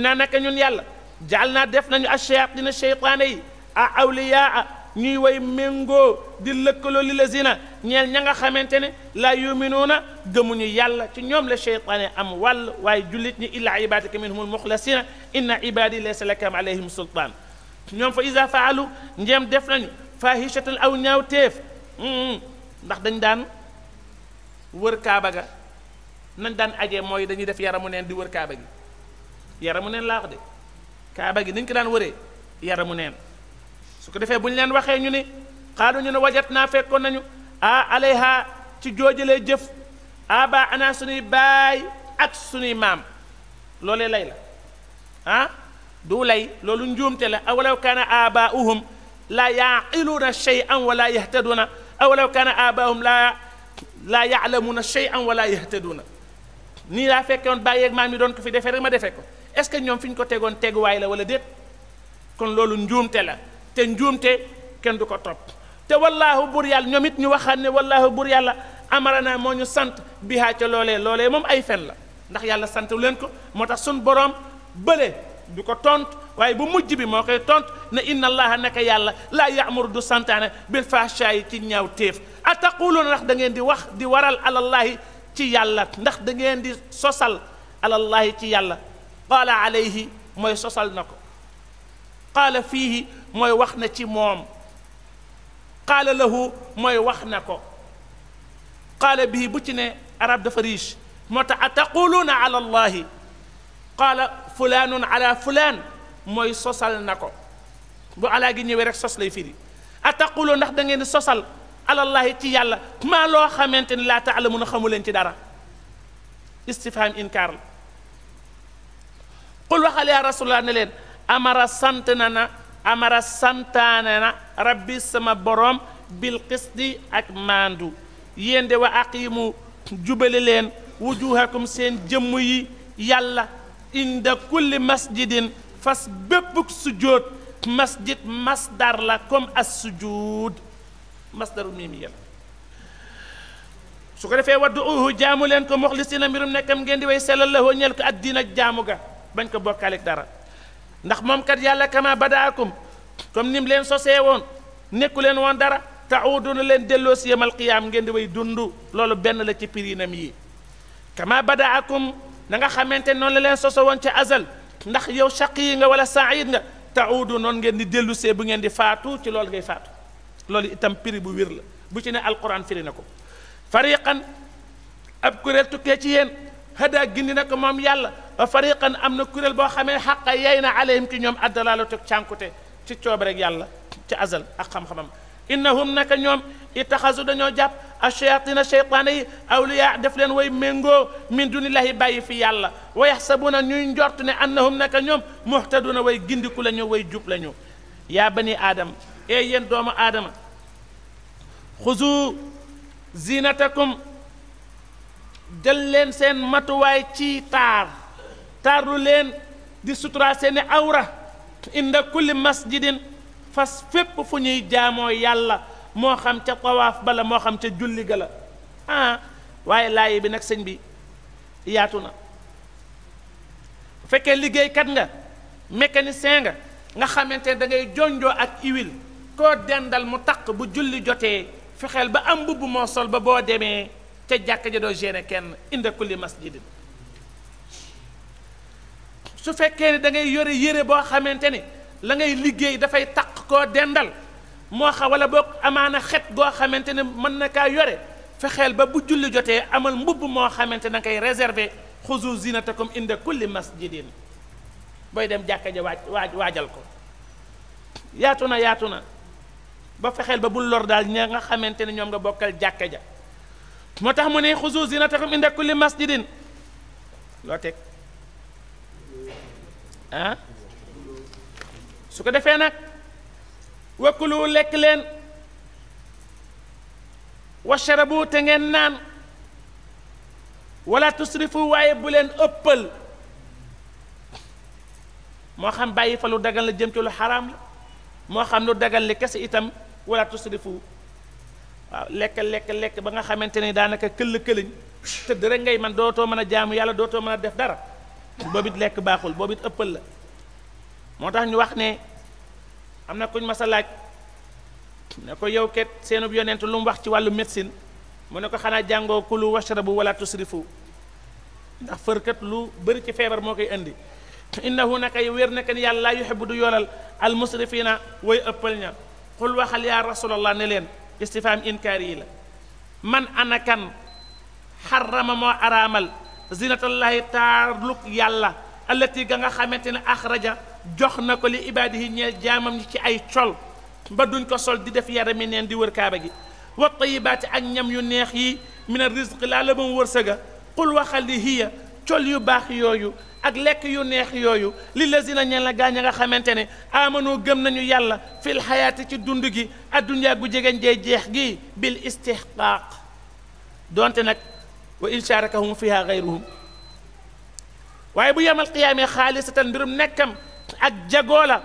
naa naka ñun yàlla jaal naa def nañu ash dina sheytaane yi a awliyaa ñuy way méngoo di lëkkaloo li la zina ñeel ña nga xamante ne laa yuminuuna gëmuñu yàlla ci ñoom la cheytaane am wàll waaye jullit ñi illaa ibadaka la muxlasina inna ibadi laysa lakam alayhim sultaan ñoom fa isa faalu njéem def nañu fahishatan aw ñaaw téef ndax dañ daan wër kaaba ga nañ daan ajee mooy dañuy def yaramu neen di wër kaaba gi yaramu neen laa wax de kaaba gi niñ ko daan wëree yaramu neen su ko defee bu ñu leen waxee ñu ni xaalu ñu ne wajat naa fekkoon nañu a ah, alayha ci joojalee jëf aba ana suñuy baay ak suñuy maam loolee lay la ah du lay loolu njuumte la awalaw kaana abaauhum a yaaqiluuna shay'an wala yahtaduuna awalaw kaana abaahum laa laa yaalamuuna shay'an wala yahtaduuna nii laa fekkoon bàyyeeg maam yi doon ko fi defee rek ma defee ko est-ce que ñoom fi ñu ko tegoon teguwaay la wala déet kon loolu njuumte la te njuumte kenn du ko topp te wallaahu bur yàlla ñoom it ñu waxaat ne wallaahu bur yàlla amarana moo ñu sant bihaa ca loolee loolee moom ay fen la ndax yàlla sant leen ko moo tax suñ boroom bële du ko tont waaye bu mujj bi moo koy tont ne inna allaha naka yàlla laa yaamuru du santaane bil fahshaayi ci ñaaw téef ataquluuna ndax da ngeen di wax di waral alallaahi ci yàlla ndax dangeen di sosal alallaahi ci yàlla qaala alayhi mooy sosal na ko mooy wax na ci moom qaala lahu mooy wax na ko qaala bii bu ci ne arab dafa riche moo tax a taquluuna ala allahi qaala fulaanun ala fulaan mooy sosal na ko bu alaa gi ñëwee rek sos lay firi a taquluun ndax da ngeen sosal alallahi ci yàlla maa loo xamante ni laa taalamun a xamu leen ci dara istifham inkaar la qul waxal yaa rasulallah leen amara sant na na amara santaane na rabbi sama borom bil qisti ak maandu yéen de wa aqiimu jubale leen wujuhakum seen jëmm yi yàlla inda kulli masjidin fas bépp sujjóot masjid masdar la comme as sujud masdaru mii mi su ko defee waddu uhu jaamu leen ko moxlisina mbirum nekkam ngeen di way sellal la hoo ko ak diina jaamu ga bañ ko bokkaaleeg dara ndax moom kat yàlla kama badaakum comme ni mu leen sosee woon nekku leen woon dara tauduna leen delloo si yamal qiyaam ngeen di way dund loolu benn la ci pirinam yi kama badaakum na nga xamante noonu la leen soso woon ca azal ndax yow shaq yi nga wala said nga taudu noon ngeen di dellu see bu ngeen di faatu ci loolu ngay faatu loolu itam piri bu wér la bu ci ne alquran firi na ko fariqan ab kuréel tukkee ci yéen hada gindi na ko moom yàlla ba fariqan am na kuréel boo xamee xaqa yey na alayhim ci ñoom addalaalatu ak cànkute ci coob rek yàlla ci azal ak xam-xamam innahum naka ñoom itaxasu dañoo jàpp achayatina cheytaane yi awliya def leen way méngoo min dunillahi bàyyi fi yàlla wa yaxsabuna ñuy njort ne anna annahum naka ñoom muhtaduna way gindiku la ñu way jub la ñu yaa bani aadama ee yéen doomu aadama xuzu zinatakum jël leen seen matuwaay ci taar taarlu leen di sutura seeni awra inda kulli masjidin fas fépp fu ñuy jaamoo yàlla moo xam ca tawaaf bala moo xam ca julli ga la ah waaye laay bi nag sëñ bi yaatu na bu fekkee liggéeykat nga mécanicien nga nga xamante ne da jonjoo ak huile koo dendal mu taq bu julli jotee fexeel ba am mbubb moo sol ba boo demee ca jàkk ja doo génne kenn inda kulli masjidin su fekkee ni dangay yore yére boo xamante ni la ngay liggéey dafay taq koo dendal moo xam wala boo amaana xet boo xamante ne mën na kaa yore fexeel ba bu julli jotee amal mbubb moo xamante na koy réserver xuzu zinatakum inda kulli masjidin booy dem jàkka ja waaj waajal ko yaatu na yaatu na ba fexeel ba bul lor daal ña nga xamante ne ñoom nga bokkal jàkk ja moo tax mu ne na xuzu zinatakum inda kulli masjidin loo teg ah su ko defee nag wakulu lekk leen washarabu te ngeen naan wala tusrifu waaye bu leen ëppal moo xam bàyyi fa lu dagal la jëm ci lu xaraam moo xam lu dagal li kese itam wala tusrifu waaw lekk lekk lekk ba nga xamante ne daanaka këll këliñ tëdd rek ngay man too mën a jaamu yàlla dootoo mën a def dara boobu it lekk baaxul boobu it ëppal la moo tax ñu wax ne am na kuñ mas a laaj ne ko yow ket seenub yonent lu mu wax ci wàllu médecine mu ne ko xanaa jàngoo kulu washrabu wala tusrifu ndax fërkat lu bëri ci feebar moo koy indi innahu naka wér naka ni yàlla laa bu du yoolal al musrifina way ëppal ña xul waxal yaa rasulallah ne leen istifhaam inkaar yi la man anakan xar moo araamal zinatallaahi taarluk yàlla allati ga nga xamante ne axraja jox na ko li ibaadihi ñeel jaamam ñi ci ay col ba duñ ko sol di def yarami neen di wër kaaba gi wa tayibaati ak ñam yu neex yi min a laa la bam wërsëga qul waxal li hiya col yu baax yooyu ak lekk yu neex yooyu li lazina ñeen la gaañ a nga xamante ne amanoo gëm nañu yàlla fil xayaati ci dund gi addunyaa gu jegeñ jee jeex gi bil istihqaaq donte nag wa in sharakahum fiha gayruhum waaye bu yemal qiyaamee xaalisatan mbirum nekkam ak jagoo la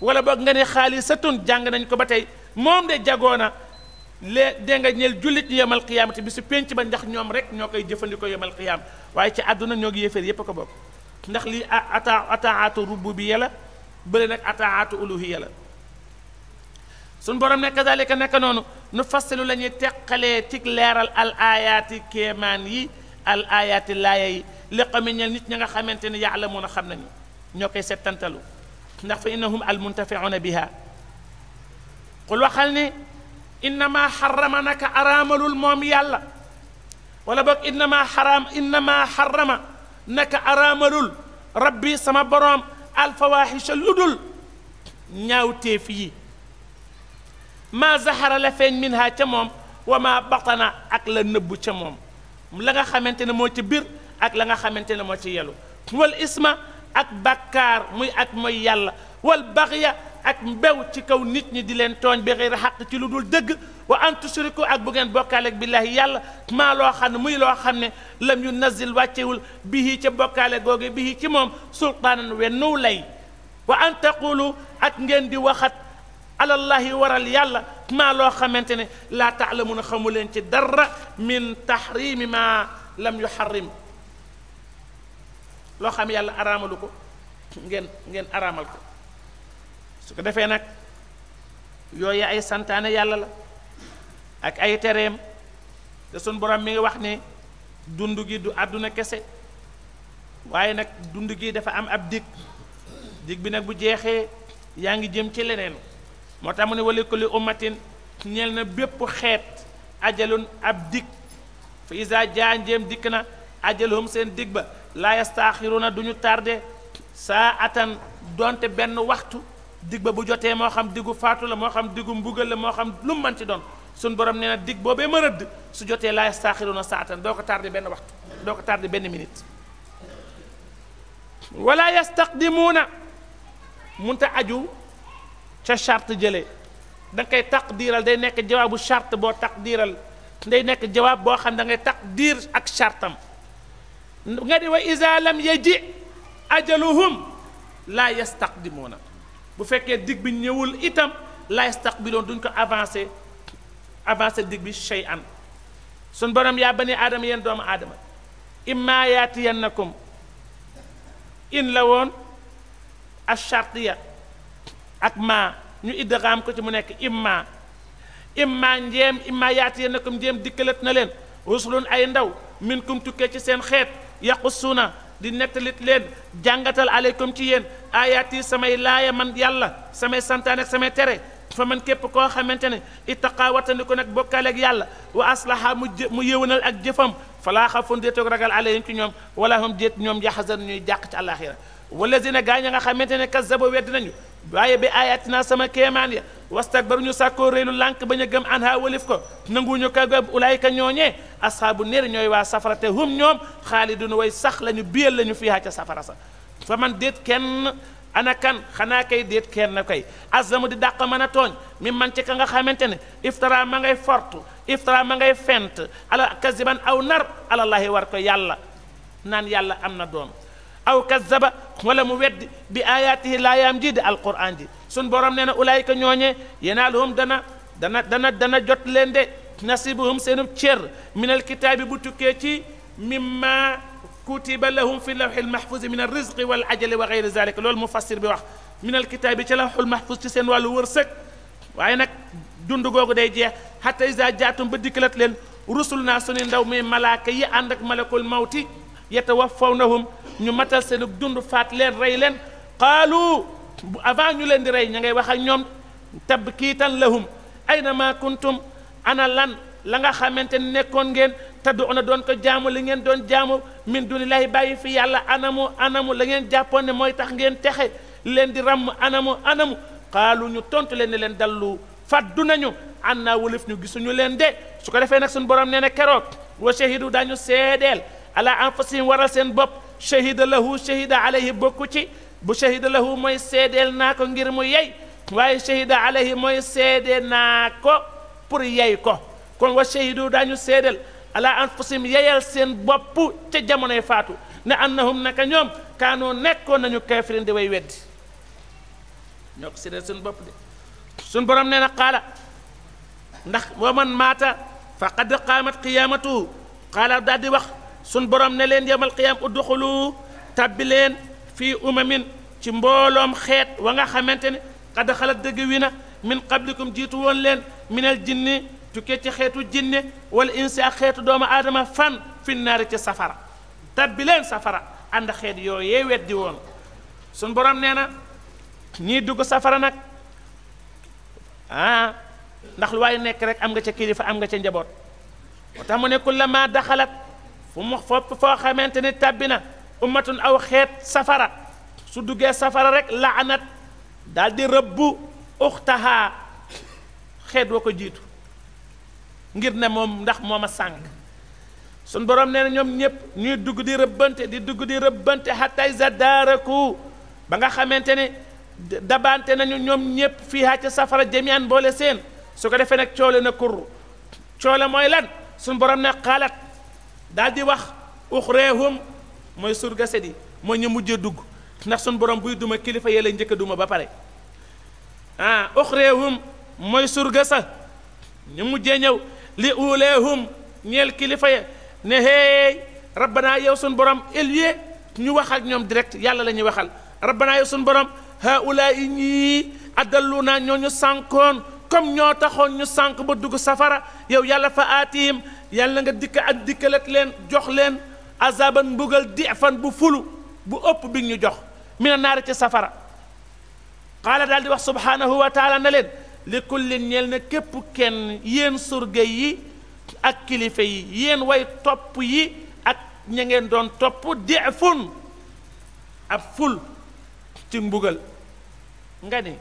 wala boog nga ne xaalisatun jàng nañ ko ba tey moom de jagoo na lée dégg nga ñeel jullit ñi yemal xiyaamati bi su pénc ba ndax ñoom rek ñoo koy jëfandikoo yemal xiyaam waaye ci àdduna ñoo ngi yéeféer yépp a ko bokk ndax lii ata ataatu rububiyya la bële nag ataatu uluhiyya la suñ borom ne kazalika nekk noonu nu fassilu la ñuy teqalee ci leeral al ayaati kéemaan yi al ayaati laaya yi li qawmin ñeel nit ñi nga xamante ni yaalamuuna xam nañu ñoo koy settantalu ndax fa innahum al muntafiuna biha qul waxal ni innama xarama naka araamalul moom yàlla wala boog innama xaraam innama xarama naka araamalul rabbi sama boroom alfawaaxisha lu dul ñaawteef yi maa zahara la feeñ min ca moom wa maa batana ak la nëbbu ca moom la nga xamante ne moo ca biir ak la nga xamante ne moo ci yelu wal isma ak bàkkaar muy ak mooy yàlla wal baxya ak mbew ci kaw nit ñi di leen tooñ bi xëy xaq ci lu dul dëgg wa an tusriku ak bu ngeen bokkaale ak billaahi yàlla maa loo xam ne muy loo xam ne lam yu nazil wàccewul bihi ca bokkaale googe bihi ci moom sultaanan wennuw lay wa an taqulu ak ngeen di waxat alallahi waral yàlla maa loo xamante ne laa taalamuuna xamu leen ci dara min taxrimi ma lam yu xarim loo xam yàlla araamalu ko ngeen ngeen araamal ko su ko defee nag yooya ay santaane yàlla la ak ay tereem te sun borom mi ngi wax ne dund gi du àdduna kese waaye nag dund gi dafa am ab digg dig bi nag bu jeexee yaa ngi jëm ci leneen moo tax mu ne wali kulli ummatin ñeel na bépp xeet ajalun ab digg fa isa jaanjeem dikk na ajaluhum seen digg ba laa yastaaxiruna na duñu tardé saa atan donte benn waxtu dig ba bu jotee moo xam diggu faatu la moo xam diggu mbugal la moo xam lu mu mën ci doon suñ borom nee na dig boobee ma rëdd su jotee laay na saatan doo ko tardé benn waxtu doo ko tardé benn minute wala yastaqdimuuna munta aju ca charte jëlee da ngay diiral day nekk jawaabu charte boo diiral day nekk jawaab boo xam dangay ngay diir ak chartam nga di wa iza lam yaji ajaluhum laa yastaqdimuuna bu fekkee dig bi ñëwul itam la yastaqbiloon duñ ko avancé avancé dig bi shay an suñ borom yaa bani aadama yéen doomu aadama imma yaatiyannakum in la woon achartiya ak ma ñu idgaam ko ci mu nekk imma imma njeem imma yaatiyannakum njeem dikkalat na leen rusulun ay ndaw minkum tukkee ci seen xeet yaqusuna di nettalit leen jàngatal aleykum ci yéen aayaat yi samay laaya man yàlla samay santaane ak samay tere fa man képp koo xamante ne ittaqaa wattandiku nag bokkaale yàlla wa aslaha mu mu yëwanal ak jëfam falaa xafun déetoog ragal aleyhim ci ñoom wala hum déet ñoom yaxzan ñuy jàq ci àllaaxira wallazina gaa ña nga xamante ne kazzabu wedd nañu waaye bi ayatina sama kéemaan ya wastakbaru ñu sàkkoo réelu lànk bañ a gëm an ha walif ko nanguñu ko gëm ulaayka ñooñee ashaabu néer ñooy waa safara te hum ñoom xaalidun woy sax lañu ñu lañu la ñu ca safara sa fa man déet kenn ana kan xanaa kay déet kenn kay azamu di dàq man a tooñ mi man ci ka nga xamante ne iftara ma ngay fort iftara ma ngay fent ala kaziban aw nar alallahi war ko yàlla naan yàlla am na doom aw kazzaba wala mu weddi bi ayaatihi laayaam ji di alquran ji sun borom nee na ulaayika ñooñee yenaaluhum dana dana dana dana jot leen de nasibuhum seenub cër minal kitaabi bu tukkee ci mimma la lahum fi lawxil mahfuzi min arrizqi wal ajali wa gayri zalika loolu mufassir bi wax minal kitaabi ci lawxul mahfuz ci seen wàllu wërsëg waaye nag dund googu day jeex hatta isa jaatum ba dikkalat leen rusul naa sunu ndaw mi malaaka yi ànd ak malakul mawti yatawafawnahum ñu matal seen dund faat leen rey leen qaalu avant ñu leen di rey ña ngay wax ak ñoom tabkiitan ay na ma kuntum ana lan la nga xamante ni nekkoon ngeen tadduuna doon ko jaamu li ngeen doon jaamu min dunillahi bàyyi fi yàlla anamu anamu la ngeen jàppoon ne mooy tax ngeen texe leen di ràmm anamu anamu qaalu ñu tontu leen ne leen dallu faddu nañu an naa wëlëf ñu gisuñu leen de su ko defee nag suñu borom nee na keroog wa shahidu daañu seedeel ala anfusihim waral seen bopp shahida lahu shahida alayhi bokku ci bu shahida lahu mooy seedeel naa ko ngir mu yey waaye shahida alayhi mooy seede naa ko pour yey ko kon wa shahidu daañu seedeel ala anfusim yeyal seen bopp ca jamonoy faatu ne annahum naka ñoom kaanoo nekkoon nañu kaafirin di way weddi ñoo bopp de suñ borom nee na qaala ndax wa man maata faqad qaamat qiyaamatuhu qaala daal wax sun borom ne leen yamal qiyaam udxulu tàbbi leen fii umamin ci mbooloom xeet wa nga xamante ne qad xalat dëgg wi na min qablikum jiitu woon leen minal jinni tukkee ci xeetu jinne wala insi ak xeetu doomu aadama fan fi naari ci safara tàbbi leen safara ànd xeet yooyee weddi woon sun borom nee na ñii dugg safara nag ah ndax lu waaye nekk rek am nga ca kilifa am nga ca njaboot moo tax mu ne kullama daxalat fu mu fopp foo xamante ni tàbbi na ummatun aw xeet safara su duggee safara rek laanat daal di rëbbu uxtahaa xeet wa ko jiitu ngir ne moom ndax moom a sànq sun borom nee na ñoom ñëpp ñuy dugg di rëbbante di dugg di rëbbante xattay zadaaraku ba nga xamante ne dabante nañu ñoom ñëpp fii haa ca safara jamian mboole seen su ko defee nag coole na kur coole mooy lan sun borom ne xaalat daal di wax uxreehum mooy surga sedi mooy ñu mujjee dugg ndax sun borom buy duma kilifa yee lay njëkk duma ba pare ah uxreehum mooy surga ñu mujjee ñëw li uuleehum ñeel kilifa ya ne hey rabbanaa yow sun borom élie ñu wax ak ñoom direct yàlla la ñuy waxal rabbanaa yow sun borom haula yi ñii addallu naa ñoo ñu sànkoon comme ñoo taxoon ñu sànk ba dugg safara yow yàlla fa aatiim yàlla nga dikk ak dikkalat leen jox leen azaban mbugal di fan bu fulu bu ëpp bi ñu jox mina naara ca safara xaala daal wax subhaanahu wa na leen li kullin ñeel na képp kenn yéen surga yi ak kilifa yi yéen way topp yi ak ña ngeen doon topp di fun ab ful ci mbugal nga ni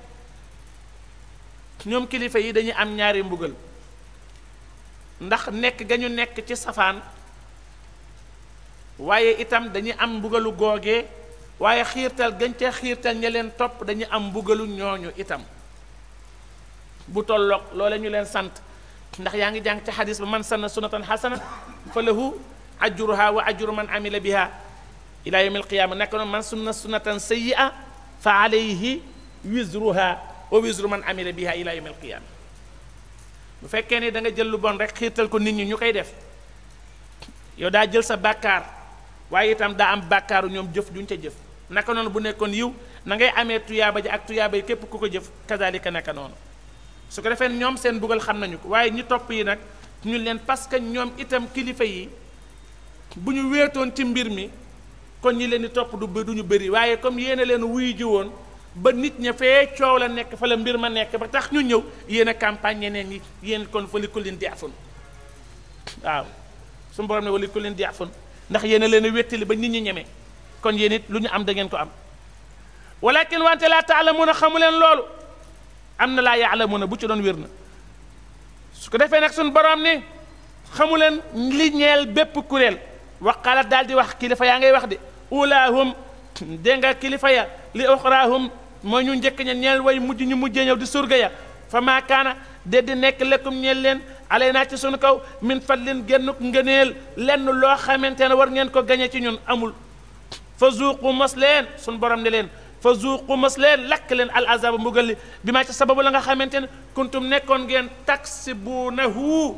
ñoom kilifa yi dañuy am ñaari mbugal ndax nekk ga ñu nekk ci safaan waaye itam dañuy am mbugalu googee waaye xiirtal gañ ca xiirtal ña leen topp dañu am mbugalu ñooñu itam bu tolloog loole ñu leen sant ndax yaa ngi jàng ci xadis ba man sanna sunnatan xasana fa lahu ajruha wa ajru man amila biha ila yawmi alqiyaama nekk noonu man sunna sunnatan sayyi'a fa alayhi wisruha wa wisru man amila biha ila yawmi bu fekkee ni da nga jël lu bon rek xiirtal ko nit ñi ñu koy def yow daa jël sa bàkkaar waaye itam daa am bàkkaaru ñoom jëf duñ ca jëf naka noonu bu nekkoon yiw na ngay amee tuyaaba ji ak tuyaaba yi képp ku ko jëf kazalika naka noonu su ko defee ñoom seen bugal xam nañu ko waaye ñi topp yi nag ñu leen parce que ñoom itam kilifa yi bu ñu wéetoon ci mbir mi kon ñi leen topp du duñu bëri waaye comme yéen a leen wuyu ji woon ba nit ña fee coow la nekk fa la mbir ma nekk ba tax ñu ñëw yéen a campagne ñeneen ñi yéen kon fa li ko leen di afun waaw su borom ne wala ko leen di afun ndax yéen leen a wéttali ba nit ñi ñeme kon yéen it lu ñu am da ngeen ko am walakin wante laa taalamuuna xamu leen loolu am na laa yaalamuuna bu ci doon wér na su ko defee nag suñu borom ni xamu leen li ñeel bépp kuréel waqaala daal di wax kilifa yaa ngay wax de ulaahum dégg nga kilifa ya li oxraahum mooy ñu njëkk ña ñeel way mujj ñu mujjee ñëw di surga ya fa maa kaana di nekk lekkum ñeel leen alay naa ci sunu kaw min fadlin génnuk ngëneel lenn loo xamante ne war ngeen ko gañe ci ñun amul fa zuuqu mos leen sunu borom ne leen fa zuuqu mos leen lakk leen al azaba mbugal li bi maa ci sababu la nga xamante ne kuntum nekkoon ngeen taksi bu nahu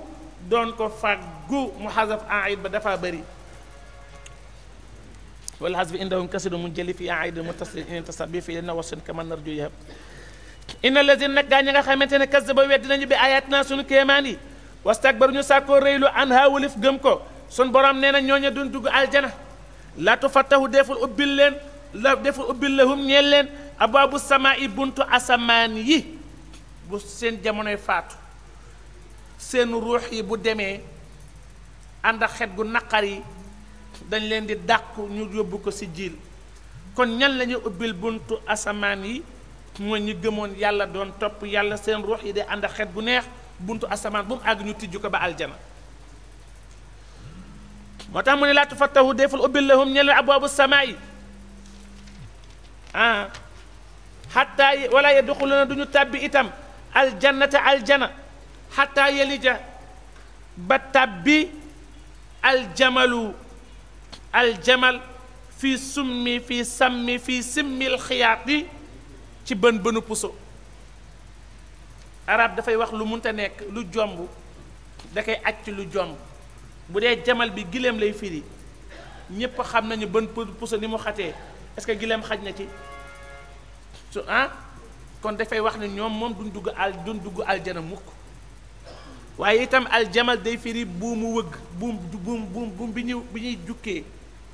doon ko fàggu mu xasaf aid ba dafa bëri والحذف عندهم كسر منجلي في أعيد المتصل إن اتصل به في لنا وصل كما نرجو يهب إن الذين nag gaa ñi nga xamante ne kazzaba weddi nañu bi ayatina sunu kéemaan yi wastakbaru ñu sàkkoo réylu an haawulif gëm ko sun borom nee na ñooñu duñ dugg aljana laa tufattahu deful ubbil leen la deful ubbil lahum ñeel leen abwaabu samaa yi buntu asamaan yi bu seen jamonoy faatu seen ruux yi bu demee ànd ak xet gu naqar yi dañ leen di dàq ñu yóbbu ko ci jiil kon ñan lañu ubbil buntu asamaan yi mooy ñi gëmoon yàlla doon topp yàlla seen ruux yi de ànd ak xet bu neex buntu asamaan bu mu àgg ñu tijju ko ba aljana moo tax mu ne laa tufattahu deful ubbil lahum ñe leen abwaabu samaa yi ah xataa wala yadxuluna duñu tàbbi itam aljannata aljana xataa yalija ba tàbbi aljamalu aljamal fii summi fii sammi fii simmil xiyaat yi ci bën bënu puso arab dafay wax lu munta nekk lu jomb da koy aj lu jomb bu dee jamal bi gileem lay firi ñépp xam nañu bën puso ni mu xatee est que gileem xaj na ci su ah kon dafay wax ne ñoom moom duñ dugg al duñ aljana mukk waaye itam aljamal day firi buumu wëgg buum buum buum bi ñu bi ñuy jukkee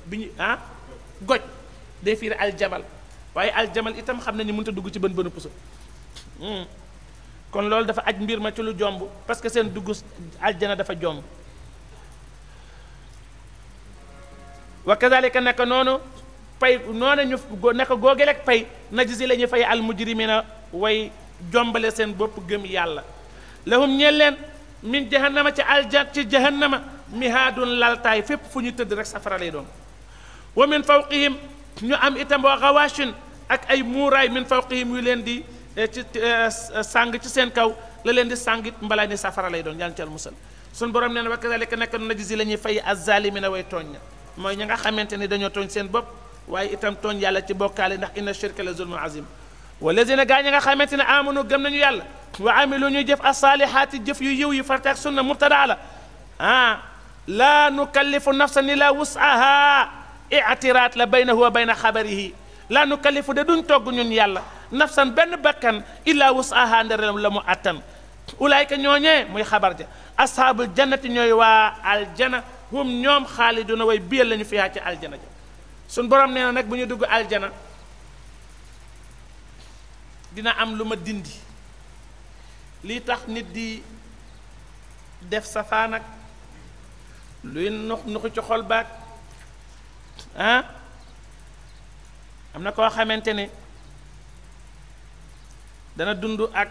bi ñu ah goj day fiir aljamal waaye aljamal itam xam nañu mënut a dugg ci bën bënu puso hmm. kon loolu dafa aj mbir ma ci lu jomb parce que seen dugg aljana dafa jomb wa kazalika naka noonu pay noonu ñu naka googe rek pay najzi la ñu fay al mujrimina way jombale seen bopp gëm yàlla lahum ñeel leen min jahannama ci aljan ci jahannama mihaadun laltaay fépp fu ñu tëdd rek safara lay doon wa min fawqihim ñu am itam wa xawaashin ak ay muuraay min fawqihim yu leen di eh, ci eh, eh, sàng ci seen kaw la leen di sàng it mbalaa ni safara lay doon yàlla ci al musal suñ borom nee na wa kazalika nekk nu najzi la ñuy fay azzalimina way tooñ na mooy ñi nga xamante ni dañoo tooñ seen bopp waaye itam tooñ yàlla ci bokkaale ndax inna shirka la zulmun azim walazina gaa ñi nga xamante ne amanu gëm nañu yàlla wa amilu ñuy jëf asalihaati jëf yu yiw yu fartaak sunna mubtadaa la ah laa nukallifu nafsan illa wus'aha itiraat la baynahu wa bayna xabarihi laa nu kalifu de duñ togg ñun yàlla nafsan benn bakkan illaa wusaha nderelam la mu attan ulaayka ñooñee muy xabar ja ashaabul jannati ñooy waa aljana hum ñoom xaaliduna way biyal lañu ci aljana ja suñ borom nee na nag bu ñu dugg aljana dina am lu ma dindi lii tax nit di def safaan ak luy nux nuxi ci xol baag am na koo xamante ne dana dund ak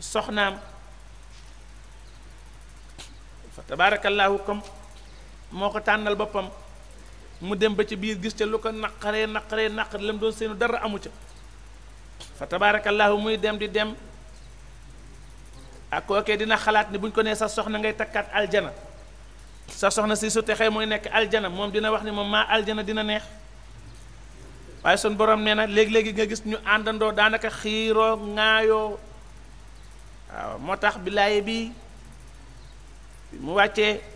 soxnaam fa tabaarakallaahu comme moo ko tànnal boppam mu dem ba ci biir gis ca lu ko naqaree naqaree naq lam doon seenu dara amu ca fa tabaarakallaahu muy dem di dem ak kookee dina xalaat ni buñ ko nee sa soxna ngay takkaat aljana sa soxna si su texee mooy nekk aljana moom dina wax ni moom maa aljana dina neex waaye sun borom nee na léegi-léegi nga gis ñu àndandoo daanaka xiiroo ŋaayoo waaw moo tax bi bi mu wàccee